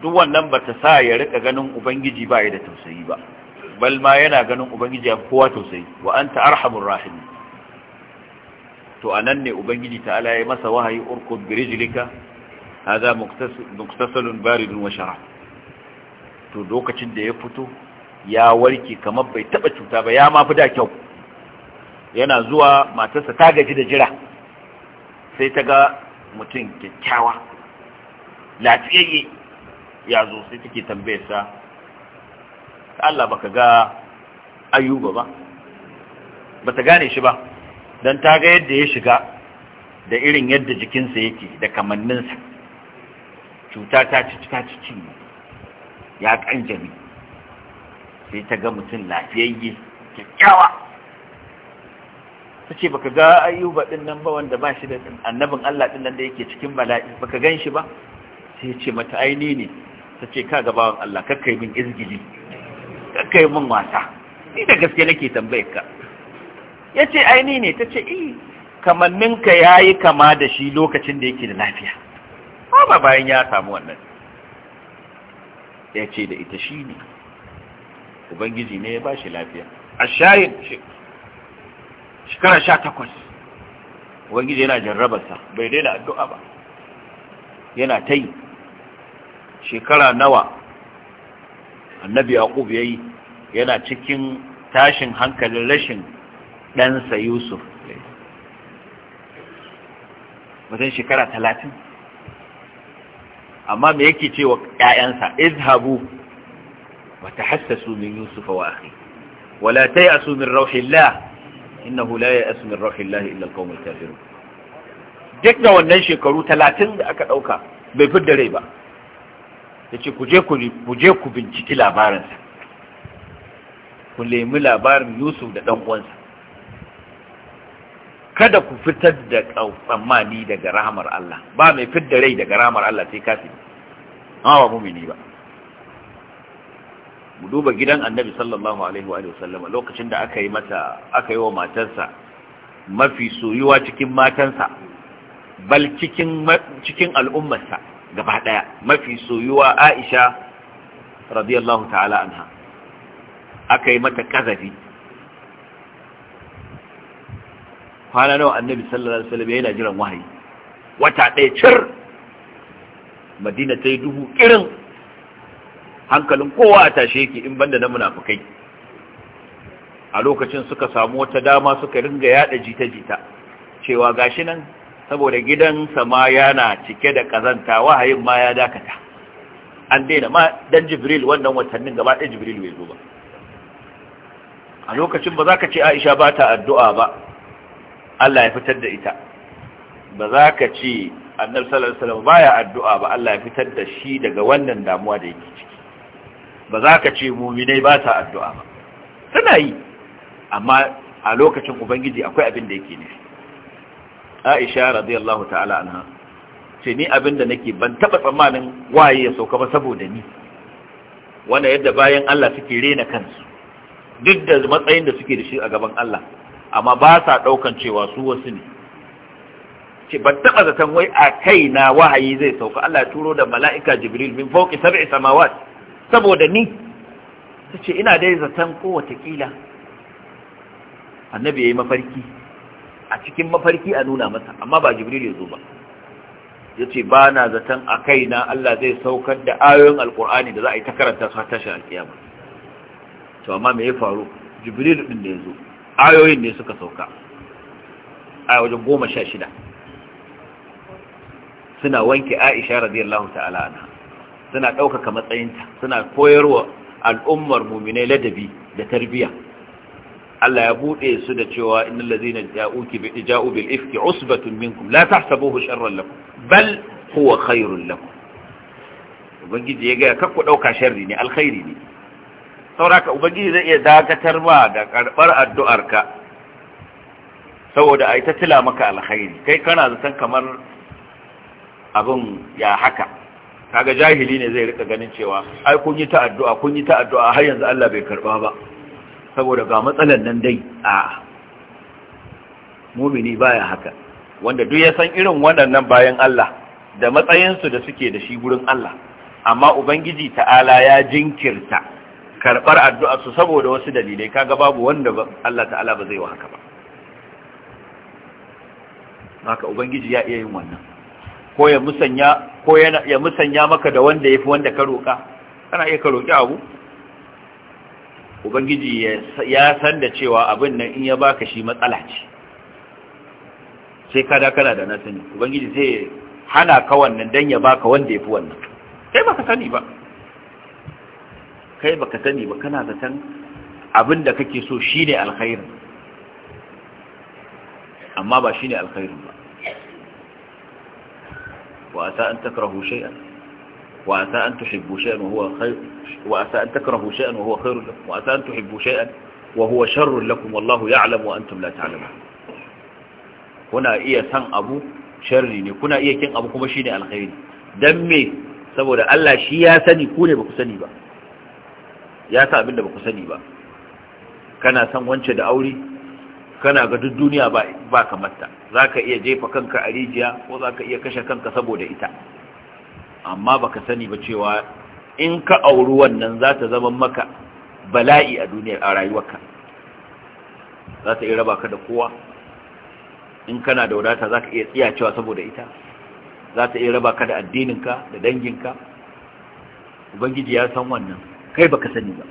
duk wannan bata sa ya rika ganin ubangiji ba ya da tausayi ba bal ma yana ganin ubangiji ya kowa tausayi wa anta arhamur rahimin to anan ne ubangiji ta'ala ya masa wahayi urkud birijlika hadha muktasalun baridun wa sharab to lokacin da ya fito ya warke kamar bai taba cuta ba ya ma fi da kyau yana zuwa matarsa ta gaji da jira sai ta ga mutum kyakkyawa lafiyayye ya zo sai take tambayarsa Allah baka ga Ayuba ba Ba ta gane shi ba don ta ga yadda ya shiga da irin yadda jikinsa yake da kamanninsa cuta ta ci ta ci ya kanjami sai ta ga mutum lafiyayye kyakkyawa ta ce baka ga ayyuba din nan ba wanda ba shi da annabin Allah din nan da yake cikin bala'i baka gan shi ba sai ce mata aini ne ta ce ka gabawan Allah kakkai min izgili kakkai min wasa ni da gaske nake tambayar ka ya ce aini ne ta ce i kamanninka ya yi kama da shi lokacin da yake da lafiya ba bayan ya samu wannan ya ce da ita shi ne ubangiji ne ya ba shi lafiya a shayin shekara sha takwas ubangiji yana jarrabarsa bai daina addu'a ba yana ta yi shekara nawa annabi yaqub yi yana cikin tashin hankalin rashin ɗansa yusuf wajen shekara talatin amma me yake ce wa ‘ya'yansa izhabu wa ta hassasu min yusufa wa ahi wala ta yi asu min rauhillah innahu la ya asu min rauhillah illa kawai kafiru duk da wannan shekaru talatin da aka ɗauka bai fi da ba ya ce ku je ku binciki labarinsa ku nemi labarin yusuf da ɗan uwansa kada ku fitar da tsammani daga rahamar Allah ba mai fidda rai daga rahamar Allah sai kafi amma ba mumini ba mu duba gidan annabi sallallahu alaihi wa sallama lokacin da aka yi mata aka yi wa matarsa mafi soyuwa cikin matansa bal cikin cikin al'ummarsa gaba daya mafi soyuwa Aisha radiyallahu ta'ala anha aka yi mata kazafi kwana nawa annabi sallallahu alaihi wasallam yana jiran wahayi wata ɗaya cir madina ta yi duhu kirin hankalin kowa a tashe yake in banda na munafukai a lokacin suka samu wata dama suka ringa yada jita-jita cewa gashi nan saboda gidan ma yana cike da kazanta wahayin ma ya dakata an daina ma dan jibril wannan watannin gaba ɗaya jibril bai zo ba a lokacin ba za ka ce aisha ba ta addu'a ba Allah ya fitar da ita ba za ka ce annabi sallallahu alaihi wasallam baya addu'a ba Allah ya fitar da shi daga wannan damuwa da yake ciki ba za ka ce mu'minai ba ta addu'a ba suna yi amma a lokacin ubangiji akwai abin da yake nufi Aisha radiyallahu ta'ala anha ce ni abin da nake ban taba tsammanin waye ya sauka ba saboda ni wanda yadda bayan Allah suke rena kansu duk da matsayin da suke da shi a gaban Allah amma ba sa ɗaukan cewa su wasu ne ce ban taɓa zaton wai a kai na wahayi zai sauka Allah ya turo da mala'ika jibril min fauki sab'i samawat saboda ni ta ce ina dai zaton ko watakila annabi ya yi mafarki a cikin mafarki a nuna masa amma ba jibril ya zo ba ya ce ba na zaton a kai na Allah zai saukar da ayoyin alkur'ani da za a yi ta karanta su har tashi alƙiyama to amma me ya faru jibril ɗin da ya zo ayoyin ne suka sauka a wajen goma sha shida suna wanke aisha radiyallahu ta'ala anha suna ɗaukaka matsayinta suna koyarwa al'ummar muminai ladabi da tarbiyya Allah ya buɗe su da cewa innal ladzina ja'uki bi ja'u bil ifki usbatun minkum la tahsabuhu sharran lakum bal huwa khairun lakum ubangiji ya ga kakku ɗauka sharri ne alkhairi ne sauraka ubangiji zai iya dakatar ma da karbar addu'arka saboda ai ta tila maka alkhairi kai kana zaton kamar abin ya haka kaga jahili ne zai rika ganin cewa ai kun yi ta addu'a kun yi ta addu'a har yanzu Allah bai karba ba saboda ga matsalan nan dai a mumini baya haka wanda duk ya san irin waɗannan bayan Allah da matsayinsu da suke da shi gurin Allah amma ubangiji ta'ala ya jinkirta karɓar addu'a su saboda wasu dalilai kaga babu wanda Allah ta'ala ba zai wa haka ba haka ubangiji ya iya yin wannan ko ya musanya ko ya musanya maka da wanda yafi wanda ka roka kana iya ka roki abu ubangiji ya san da cewa abin nan in ya baka shi matsala ce sai ka da kana da nasani, ubangiji zai hana ka wannan dan ya baka wanda yafi wannan sai baka sani ba kai baka sani ba kana zaton abin da kake so shine alkhair amma ba shine alkhair ba wa asa an takrahu shay'an wa asa an tuhibbu shay'an wa huwa khair wa asa an takrahu shay'an wa huwa khair lakum wa asa an tuhibbu shay'an wa huwa sharr lakum wallahu ya'lam wa antum la ta'lamun kuna iya san abu sharri ne kuna iya kin abu kuma shine alkhair dan me saboda Allah shi ya sani ku ne ba ku sani ba ya sa abinda ba ku sani ba kana san wance da aure kana ga duk duniya ba kamarta za ka iya jefa kanka a rijiya ko za ka iya kashe kanka saboda ita amma ba ka sani ba cewa in ka auri wannan za ta zama maka bala'i a duniyar a rayuwarka za ta iya raba ka da kowa in kana da wadata za ka iya tsayacewa saboda ita za ta iya raba ka da addininka da danginka ubangiji ya san wannan kai baka sani ba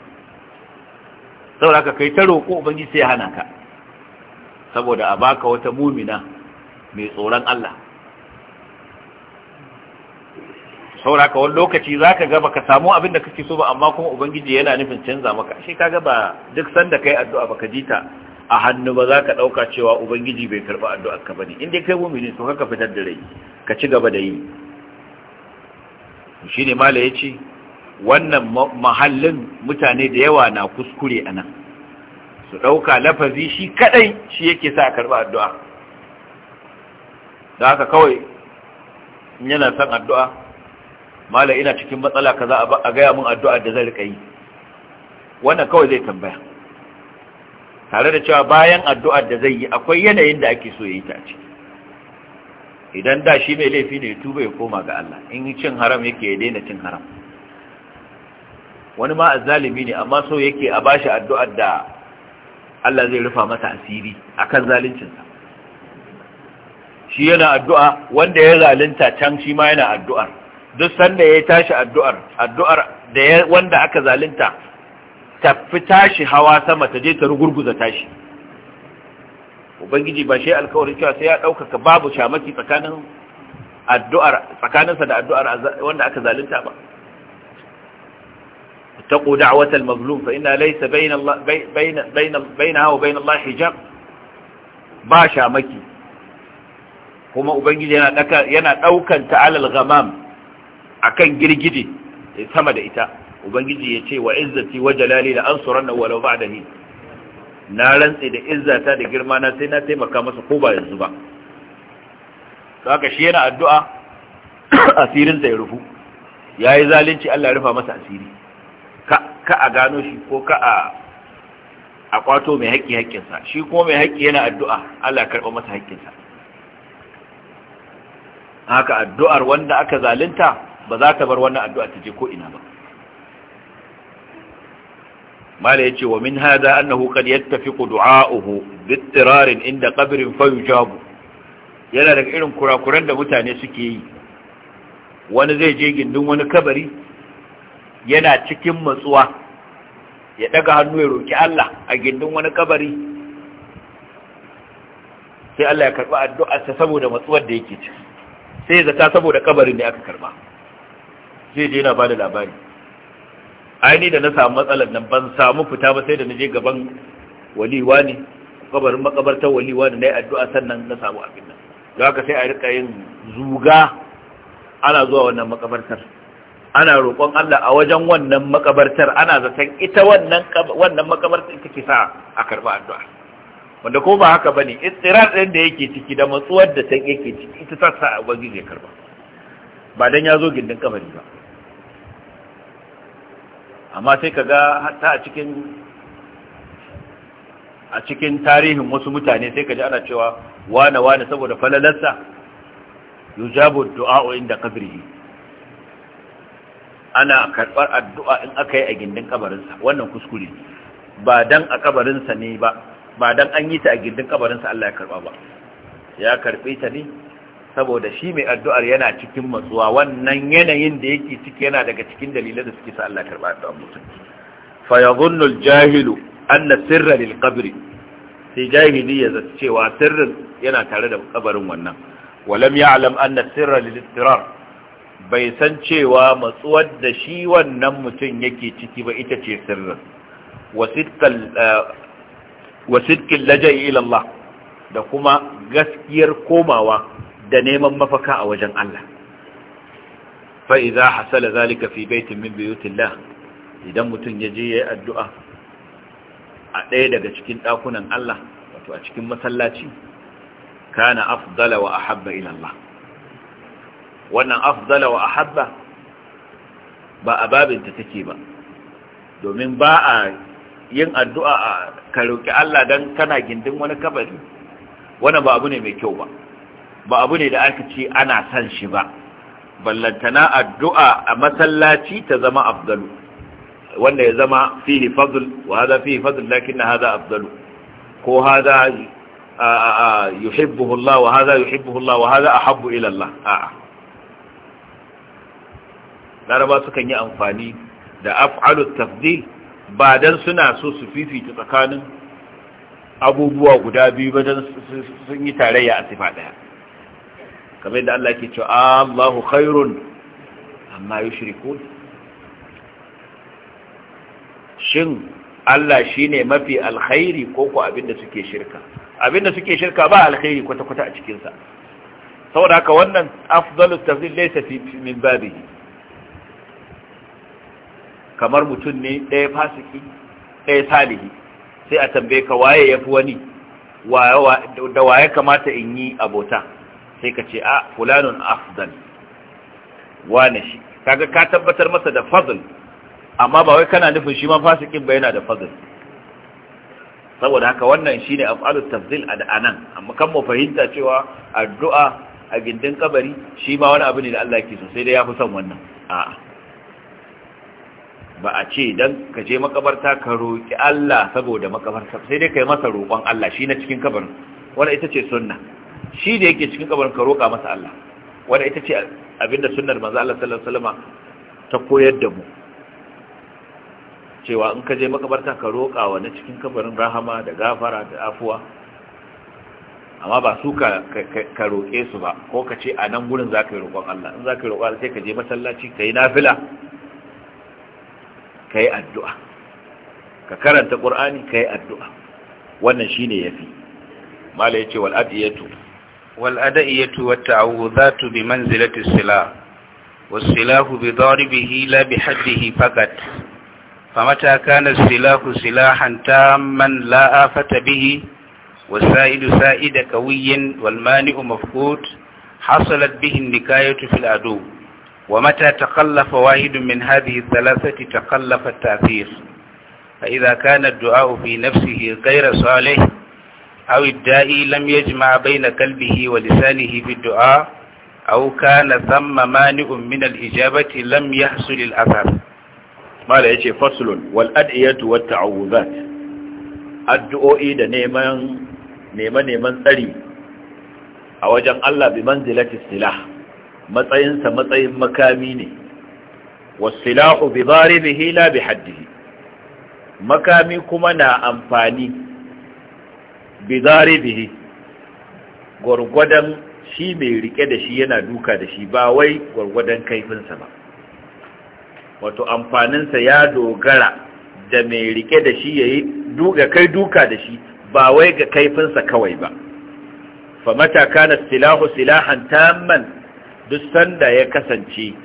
saboda ka kai ta roƙo ubangiji sai ya hana ka saboda a baka wata mumina mai tsoron Allah saboda ka wani lokaci zaka ga baka samu abin da kake so ba amma kuma ubangiji yana nufin canza maka shi kaga ba duk sanda kai addu'a baka jita a hannu ba za ka ɗauka cewa ubangiji bai karɓi addu'ar ka ba ne inda kai mumini to ka fitar da rai ka ci gaba da yi shi ne mala ya ce wannan mahallin mutane da yawa na kuskure a nan su ɗauka lafazi shi kaɗai shi yake sa karɓa addu'a da haka kawai yana son addu'a mala ina cikin matsala ka za a gaya mun addu'a da zai riƙa yi wannan kawai zai tambaya tare da cewa bayan addu'a da zai yi akwai yanayin da ake so ya yi ta ciki idan da shi mai laifi ne tuba ya koma ga Allah in cin haram yake ya daina cin haram wani ma azzalimi ne amma so yake a bashi addu'ar da Allah zai rufa masa asiri akan zaluncinsa shi yana addu'a wanda ya zalunta can shi ma yana addu'ar duk sanda ya tashi addu'ar addu'ar da wanda aka zalunta tafi tashi hawa sama ta je ta rugurguza tashi ubangiji ba shi alkawarin cewa sai ya ɗaukaka babu shamaki tsakanin addu'ar tsakaninsa da addu'ar wanda aka zalunta ba Na دعوة a فإنها ليس بين الله بين بين بينها وبين الله حجاب باشا kuma ubangiji yana daka yana daukan ta'alal ghamam akan girgide sama da ita ubangiji yace wa izzati wa jalali la ansuranna walau ba'dahi na rantsi da izzata da girma na sai na taimaka masa ko ba yanzu ba saka shi yana addu'a asirin sa ya rufu yayi zalunci Allah ya rufa masa asiri ka a gano shi ko ka a kwato mai haƙƙi haƙƙinsa shi kuma mai haƙƙi yana addu'a Allah karɓa masa haƙƙinsa haka addu'ar wanda aka zalunta ba za ta bar wannan addu'a ta je ko ina ba mala yace wa min hada annahu qad yattafiqu du'a'uhu bi inda qabrin fayujabu yana daga irin kurakuran da mutane suke yi wani zai je gindin wani kabari yana cikin matsuwa ya daga hannu ya roƙi Allah a gindin wani kabari sai Allah ya karɓi addu'arsa saboda matsuwar da yake ciki sai zata saboda kabarin ne aka karɓa. zai je yana ba da labari aini da na samu matsalar nan ban samu fita ba sai da na je gaban waliwa ne kabarin makabartar waliwa ne na yi addu'a sannan na samu abin nan da haka sai a rika yin zuga ana zuwa wannan makabartar ana roƙon Allah a wajen wannan makabartar ana zaton ita wannan wannan makabartar ita ke sa a karba addu'a wanda ko ba haka bane istirar din da yake ciki da matsuwar da ta yake ciki ita ta sa ubangiji zai karba ba dan ya zo gindin kabari ba amma sai kaga hatta a cikin a cikin tarihin wasu mutane sai kaji ana cewa wane wane saboda falalarsa yujabu du'a inda kabrihi ana karɓar addu'a in aka yi a gindin kabarinsa wannan kuskure ba dan a kabarinsa ne ba ba dan an yi ta a gindin kabarinsa Allah ya karɓa ba ya karbe ta ne saboda shi mai addu'ar yana cikin matsuwa wannan yanayin da yake ciki yana daga cikin dalilan da suke sa Allah karba addu'ar mutum fa yadhunnu al-jahilu anna sirra lil qabri sai jahili ya zata cewa sirrin yana tare da kabarin wannan walam ya'lam anna sirra lil istirar bai san cewa matsuwar da shi wannan mutum yake ciki ba ita ce sirrin wasidkin eh, lajai ilallah da kuma gaskiyar komawa da neman mafaka a wajen Allah fa'iza hasala zalika fi baitin min biyutillah idan mutum ya je ya yi addu'a a ɗaya daga cikin ɗakunan Allah wato a cikin masallaci kana afdala wa ahabba ilallah wannan afdala wa ahabba ba a babinta take ba domin ba a yin addu'a a karoki Allah don kana gindin wani kabari wani ba abu ne mai kyau ba ba abu ne da aka ce ana san shi ba ballantana addu'a a masallaci ta zama afdalu wanda ya zama fili fadul. wa haza fili fadul, lakin na hada afdalu ko haza yuhibbuhu Allah wa haza yuhibbuhu Allah wa haza ahabbu ila Allah a'a laraba sukan yi amfani da af'alut tafdil ba dan suna so su fifita tsakanin abubuwa guda biyu ba dan sun yi tarayya a sifa daya kamar yadda Allah ke cewa Allahu khairun amma yushrikun shin Allah shine mafi alkhairi ko ko abinda suke shirka abinda suke shirka ba alkhairi kwata-kwata a cikinsa saboda haka wannan afdalu tafdil laysa fi min babihi kamar mutum ne ɗaya fasiki ɗaya salihi sai a tambaye ka waye yafi wani da waye kamata in yi abota sai ka ce a fulanun afdal wane shi kaga ka tabbatar masa da fadl amma ba wai kana nufin shi ma fasikin ba yana da fadl saboda haka wannan shine afalu tafzil a anan amma kan mu fahimta cewa addu'a a gindin kabari shi ma wani abu ne da Allah ke so sai ya fi son wannan a'a ba a ce dan ka je makabarta ka roki Allah saboda makabarta sai dai kai masa roƙon Allah shi na cikin kabarin wanda ita ce sunna shi da yake cikin kabarin ka roƙa masa Allah wanda ita ce abinda sunnar manzo Allah sallallahu alaihi wasallam ta koyar da mu cewa in ka je makabarta ka roƙa wa na cikin kabarin rahama da gafara da afuwa amma ba su ka ka roƙe su ba ko ka ce a nan gurin za ka yi roƙon Allah in za ka yi roƙon Allah sai ka je masallaci ka yi nafila ka yi addu'a ka karanta ƙur'ani ka yi addu'a wannan shi ne ya fi mala ya ce wal'adiyyatu wal'adiyyatu wata abu za tu bi manzilati sila wasilahu bi daribihi la bi haddihi fakat famata kana silahu silahan tamman man afata bihi والسائد سائد قوي والمانع مفقود حصلت به النكاية في العدو ومتى تخلف واحد من هذه الثلاثة تخلف التأثير فإذا كان الدعاء في نفسه غير صالح أو الدائي لم يجمع بين قلبه ولسانه في الدعاء أو كان ثم مانع من الإجابة لم يحصل الأثر ما لا يجي فصل والأدعية والتعوذات الدعوء ده نيمان نيمان نيمان تري أوجن الله بمنزلة السلاح matsayinsa matsayin makami ne wasilahu bi zaribihi la bi haddihi makami kuma na amfani bi bihi. gwargwadon shi mai rike da shi yana duka da shi ba wai gwargwadon kaifinsa ba wato amfaninsa ya dogara da mai rike da shi ya yi duka kai duka da shi ba wai ga kaifinsa kawai ba mata kana silahu silahan tamman duk sanda ya kasance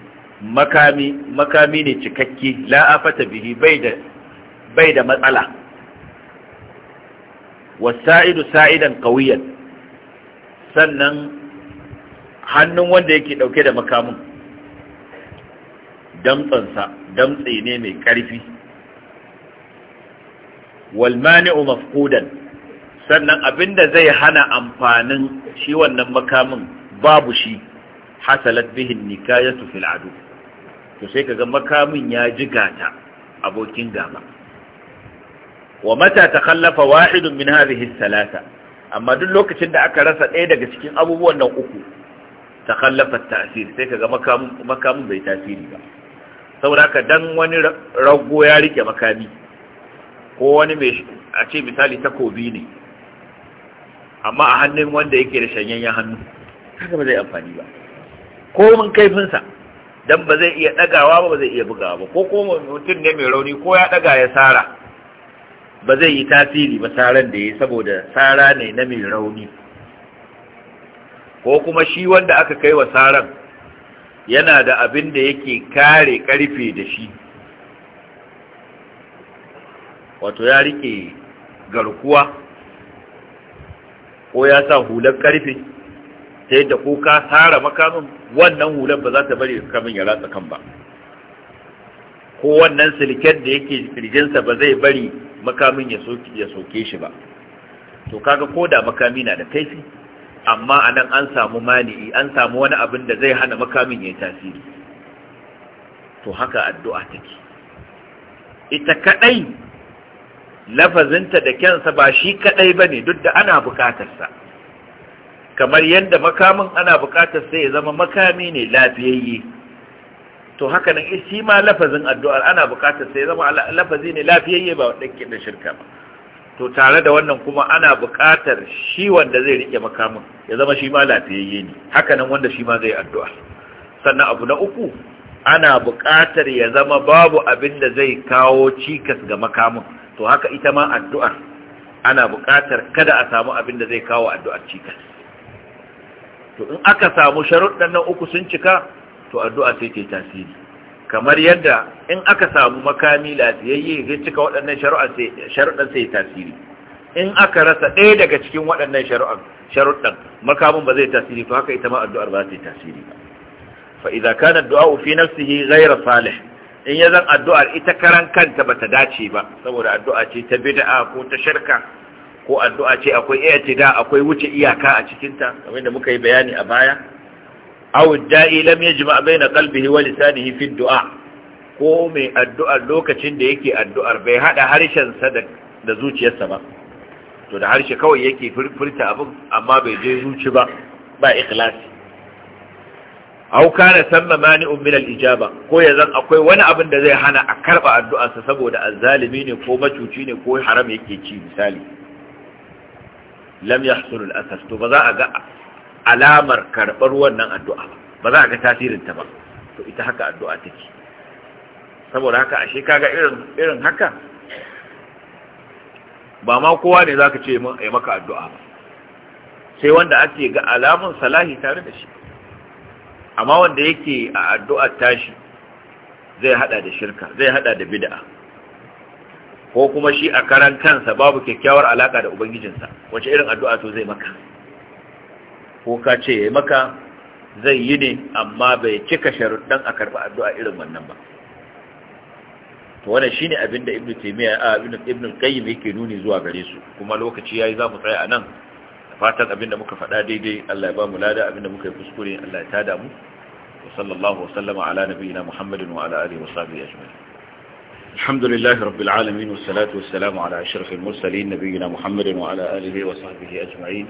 makami makami ne cikakke la afata bihi bai da bai da matsala wasa'idu sa'idan qawiyan sannan hannun wanda yake dauke da makamin damtsansa damtse ne mai karfi wal mani'u mafqudan sannan abinda zai hana amfanin shi wannan makamin babu shi hasalat bihi nikayatu fil adu to sai kaga makamin ya jigata abokin gaba wa mata takhallafa wahidun min hadhihi thalatha amma duk lokacin da aka rasa ɗaya daga cikin abubuwan nan uku takhallafa ta'sir sai kaga makamin makamin bai tasiri ba saboda ka dan wani rago ya rike makami ko wani mai a ce misali takobi ne amma a hannun wanda yake da shanyayyen hannu kaga ba zai amfani ba komin kaifinsa don ba zai iya ɗagawa ba ba zai iya bugawa ba ko kuma mutum ne mai rauni ko ya ɗaga ya sara, ba zai yi tasiri ba saran da ya saboda sara ne na mai rauni ko kuma shi wanda aka kai wa saran yana da abin da yake kare karfe da shi wato ya rike garkuwa ko ya sa hular karfe ta yadda ko ka tara makamin wannan hular ba za ta bari kamin ya ratsa kan ba ko wannan silikar da yake kirjinsa ba zai bari makamin ya soke shi ba to kaga ko da makami na da kaifi amma a nan an samu mali'i an samu wani abin da zai hana makamin ya tasiri to haka addu'a take ita kadai lafazinta da kyansa ba shi kadai ba ne duk da ana bukatarsa kamar yadda makamin ana buƙatar sai ya zama makami ne lafiyayye to haka nan shi ma lafazin addu'ar ana buƙatar sai ya zama lafazi ne lafiyayye ba wanda ke da shirka ba to tare da wannan kuma ana buƙatar shi wanda zai rike makamin ya zama shi ma lafiyayye ne haka nan wanda shi ma zai addu'a sannan abu na uku ana buƙatar ya zama babu abin da zai kawo cikas ga makamin to haka ita ma addu'ar ana buƙatar kada a samu abin da zai kawo addu'ar cikas to in aka samu sharuɗan nan uku sun cika to addu'a sai ke tasiri kamar yadda in aka samu makami lafiyayye zai cika waɗannan sharuɗan sai tasiri in aka rasa ɗaya daga cikin waɗannan sharuɗan makamin ba zai tasiri to haka ita ma addu'ar ba zai tasiri fa idza kana addu'a fi nafsihi ghayra salih in ya zan addu'ar ita karan kanta bata dace ba saboda addu'a ce ta bid'a ko ta shirka ko addu'a ce akwai i'tida akwai wuce iyaka a cikin ta kamar da muka yi bayani a baya aw da'i lam yajma baina qalbihi wa lisanihi fi du'a ko mai addu'a lokacin da yake addu'ar bai hada harshen sa da da zuciyarsa ba to da harshe kawai yake furta abin amma bai je zuci ba ba ikhlasi aw kana samma mani'un min al-ijaba ko yanzan akwai wani abin da zai hana a karba addu'arsa saboda azzalimi ne ko macuci ne ko haram yake ci misali lam yahsul al to ba za a ga alamar karɓar wannan addu'a ba Ba za a ga tasirin ta ba to ita haka addu'a take saboda haka ashe kaga irin irin haka ba ma kowa ne zaka ce ya maka addu'a ba sai wanda ake ga alamun salahi tare da shi amma wanda yake a addu'ar tashi zai hada da shirka zai hada da bida'a. ko kuma shi a karan kansa babu kyakkyawar alaka da ubangijinsa wace irin addu'a to zai maka ko ka ce ya maka zai yi ne amma bai cika sharuɗan a karɓi addu'a irin wannan ba to wannan shine abin da ibnu taymiya a ibnu ibnu qayyim yake nuni zuwa gare su kuma lokaci yayi za mu tsaya anan fatan abin da muka faɗa daidai Allah ya ba mu lada abin da muka yi kuskure Allah ya tada mu wa sallallahu wa sallama ala nabiyyina muhammadin wa ala alihi wa sahbihi ajma'in الحمد لله رب العالمين والصلاة والسلام على أشرف المرسلين نبينا محمد وعلى آله وصحبه أجمعين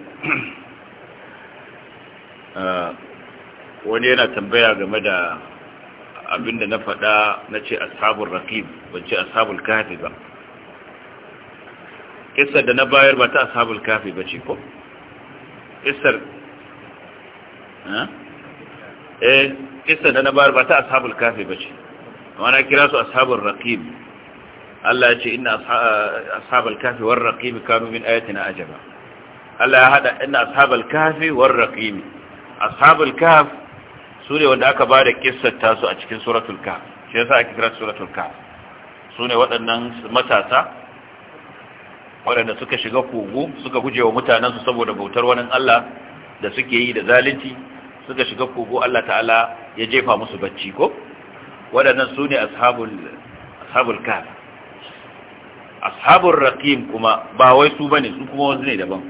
ونينا تنبيع جمدا عبدنا نفدا نشي أصحاب الرقيب ونشي أصحاب الكافي با دنا باير باتا أصحاب الكافي شيكو إسر إسر دنا باير باتا أصحاب الكافي شيكو wana kira su ashabul raqib Allah ya ce inna ashabal kafi war raqib kanu min na ajaba Allah ya hada ina ashabal kafi war raqib ashabul kaf su ne wanda aka ba da kissar tasu a cikin suratul kaf shi yasa ake kira suratul kaf ne waɗannan matasa waɗanda suka shiga kogo suka guje wa mutanensu saboda bautar wani Allah da suke yi da zalunci suka shiga kogo Allah ta'ala ya jefa musu bacci ko waɗannan su ne ashabul kaf ashabul raqim kuma ba wai su bane su kuma wasu ne daban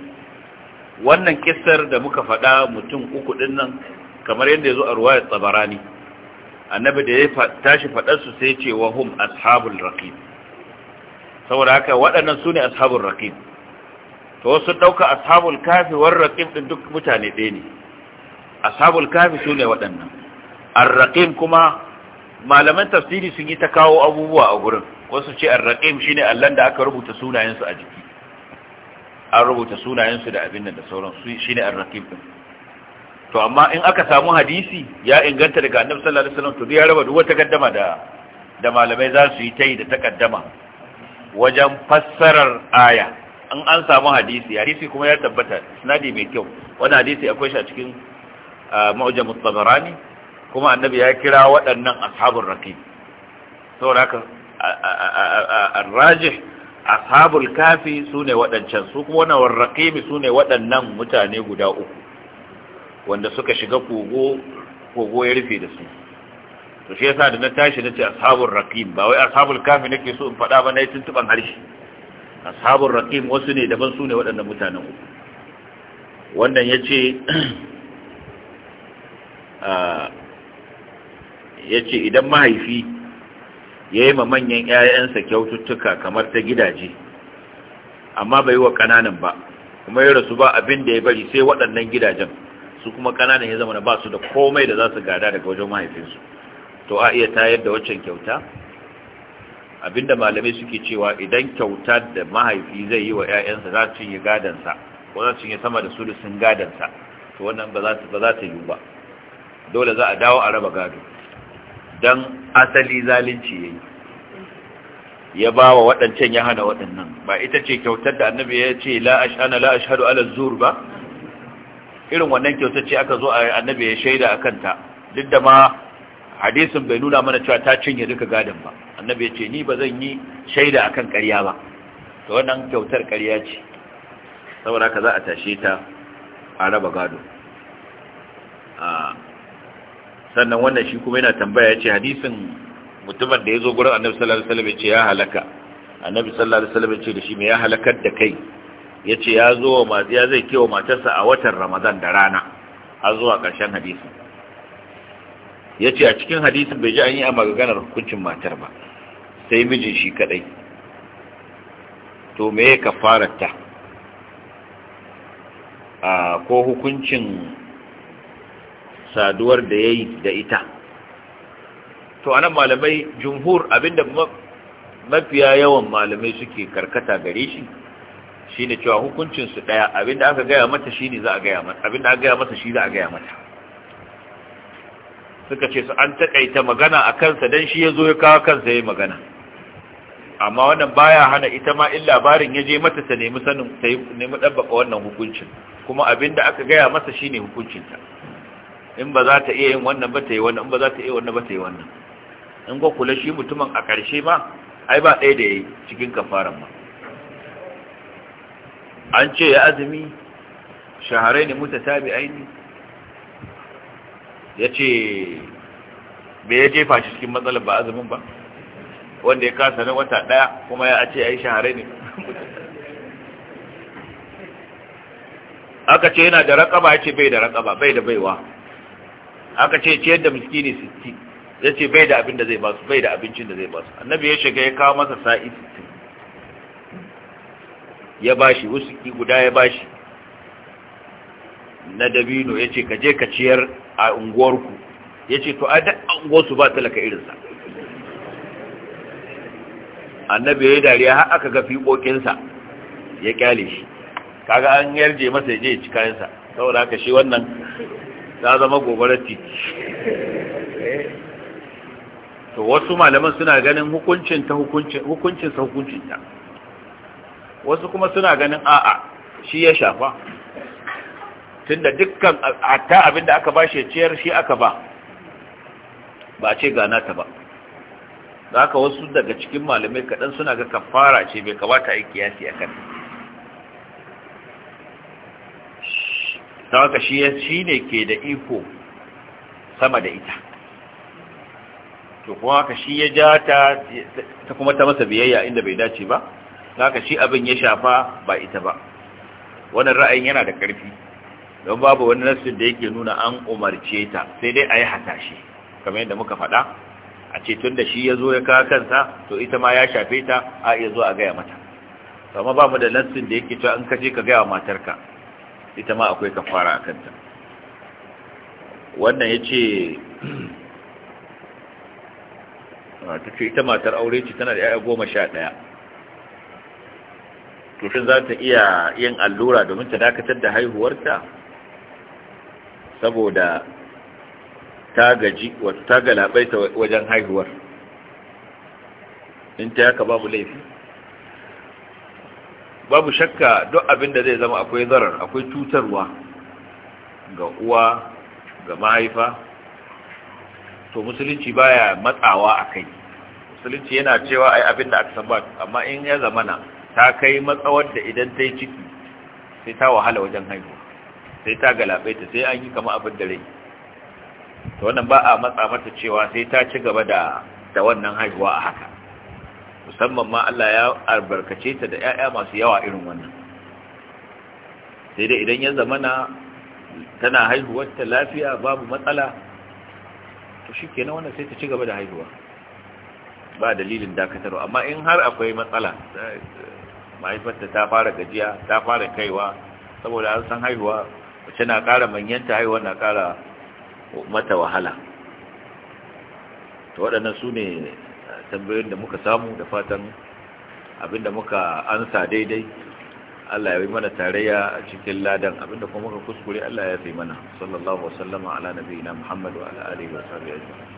wannan kisar da muka faɗa mutum uku ɗin nan kamar yadda ya zo a ruwayar tsabarani annabi da ya tashi faɗarsu sai ce wa hum ashabul raqim saboda haka waɗannan su ne ashabul raqim to wasu ɗauka ashabul kafi war raqim ɗin duk mutane ɗaya ne ashabul kafi su ne waɗannan arraqim kuma malaman tafsiri sun yi ta kawo abubuwa a gurin wasu ce arraqim shine allan da aka rubuta sunayensu a jiki an rubuta sunayensu da abin nan da sauran su shine arraqim din to amma in aka samu hadisi ya inganta daga annabi sallallahu alaihi wasallam to ya raba duk wata kaddama da da malamai za su yi tai da takaddama wajen fassarar aya in an samu hadisi hadisi kuma ya tabbata sanadi mai kyau wannan hadisi akwai shi a cikin ah, mu'jam at-tabarani kuma annabi ya kira waɗannan ashabun raqib saboda haka ar-rajih ashabul kafi sune waɗancan su kuma wannan warraqibi sune waɗannan mutane guda uku wanda suka shiga kogo kogo ya rufe da su to shi yasa da na tashi nace ashabul raqib ba wai ashabul kafi nake so in faɗa ba nayi tuntuban harshe ashabul raqib wasu ne daban sune waɗannan mutanen uku wannan yace a ya ce idan mahaifi ya yi ma manyan 'ya'yansa kyaututtuka kamar ta gidaje amma bai yi wa ƙananan ba kuma ya rasu ba abin da ya bari sai waɗannan gidajen su kuma ƙananan ya zama na ba su da komai da za su gada daga wajen mahaifinsu to a iya tayar da waccan kyauta abinda malamai suke cewa idan kyauta da mahaifi zai yi wa 'ya'yansa za su yi gadansa ko za su yi sama da sulusun gadansa to wannan ba za ta yi ba dole za a dawo a raba gado don asali zalunci ya yi ya ba wa waɗancan ya hana waɗannan ba ita ce kyautar da annabi ya ce la'ashana la'ashadu ala zur ba irin wannan kyautar ce aka zo a annabi ya shaida a kanta duk da ma hadisin bai nuna mana cewa ta cinye duka gadon ba annabi ya ce ni ba zan yi shaida akan ƙarya ba to wannan kyautar ƙarya ce saboda haka za a tashe ta a raba gado ah, sannan wannan shi kuma yana tambaya ya ce hadisin mutumin da ya zo gurin annabi sallallahu alaihi wasallam ya ce ya halaka annabi sallallahu alaihi wasallam ya ce da shi me ya halakar da kai ya ce ya zo wa ya zai kewa matarsa a watan ramadan da rana har zuwa ƙarshen hadisin ya ce a cikin hadisin bai ji an yi a maganar hukuncin matar ba sai mijin shi kadai to me ya kafararta ta ko hukuncin saduwar da ya yi da ita to anan malamai jumhur abinda mafiya yawan malamai suke karkata gare shi shine cewa hukuncin su daya abinda aka gaya mata shine za a gaya mata abinda aka gaya mata shi za a gaya mata suka ce su an takaita magana a kansa dan shi yazo ya kawo kansa yayi magana amma wannan baya hana ita ma in labarin yaje mata ta nemi sanin ta nemi dabbaka wannan hukuncin kuma abinda aka gaya masa shine hukuncin ta in ba za ta iya yin wannan ba ta yi wannan in ba za ta iya wannan ba ta yi wannan in ko kula shi mutumin a ƙarshe ma ai ba ɗaya da ya yi cikin kafaran ma an ce ya azumi shaharai ne mutu tabi aini ya ce bai ya jefa shi cikin matsalar ba azumin ba wanda ya kasa na wata ɗaya kuma ya ce ya yi shaharai ne aka ce yana da raƙaba ya ce bai da raƙaba bai da baiwa aka ce ciyar da miskini 60 ya ce bai da abin da zai basu bai da abincin da zai basu annabi ya shiga ya kawo masa sa'i 60 ya bashi wusuki guda ya bashi na dabino ya ce ka je ka ciyar a unguwarku ya ce to a da unguwarsu ba talaka irinsa annabi ya yi dariya har aka ga fiƙoƙinsa ya kyale shi kaga an yarje masa ya je ya ci kayansa saboda haka shi wannan ta zama gobarar titi to wasu malaman suna ganin hukuncin ta hukuncin sa hukuncin ta wasu kuma suna ganin a'a shi ya shafa tunda dukkan hatta abinda aka ba shi ciyar shi aka ba ba ce gana ta ba Za ka wasu daga cikin malamai kaɗan suna ga kafara ce bai kamata a yi kiyasi a kanta don haka shi ne ke da iko sama da ita to kuma haka shi ya ja ta ta kuma ta masa biyayya inda bai dace ba don haka shi abin ya shafa ba ita ba wannan ra'ayin yana da ƙarfi don babu wani nassin da yake nuna an umarce ta sai dai a yi hatashi kamar yadda muka faɗa a ce tun da shi ya zo ya kawo kansa to ita ma ya shafe ta a iya zo a gaya mata sama ba mu da nassin da yake cewa in ka je ka gaya wa matarka ita ma akwai kafara a kanta wannan ya ce ah, ta ita matar aure ce tana da ya'ya goma sha ɗaya tushin za ta iya yin allura domin ta dakatar da haihuwarta saboda ta gaji wata ta galabaita wajen haihuwar in ta yaka babu laifi babu shakka duk abin da zai zama akwai zarar akwai cutarwa ga uwa ga mahaifa to musulunci baya matsawa a kai musulunci yana cewa ai abin da aka san ba amma in ya zama zamana ta kai matsawar da idan ta yi ciki sai ta wahala wajen haihuwa sai ta ta sai an yi kama abin da rai to wannan ba a matsa mata cewa sai ta ci gaba da da wannan haihuwa a haka musamman ma Allah ya albarkace ta da 'ya'ya masu yawa irin wannan sai dai idan ya zamana tana haihuwar ta lafiya babu matsala to shikenan wannan sai ta ci gaba da haihuwa ba dalilin dakatarwa amma in har akwai matsala mahaifarta ta fara gajiya ta fara kaiwa saboda an san haihuwa wacce na ƙara manyanta haihuwa na ƙara mata wahala to waɗannan su ne tambayoyin da muka samu da fatan abin da muka ansa daidai Allah ya yi mana tarayya a cikin ladan abin da kuma muka kuskure Allah ya yi mana sallallahu wasallama ala nabiyina Muhammad wa ala alihi wa sahbihi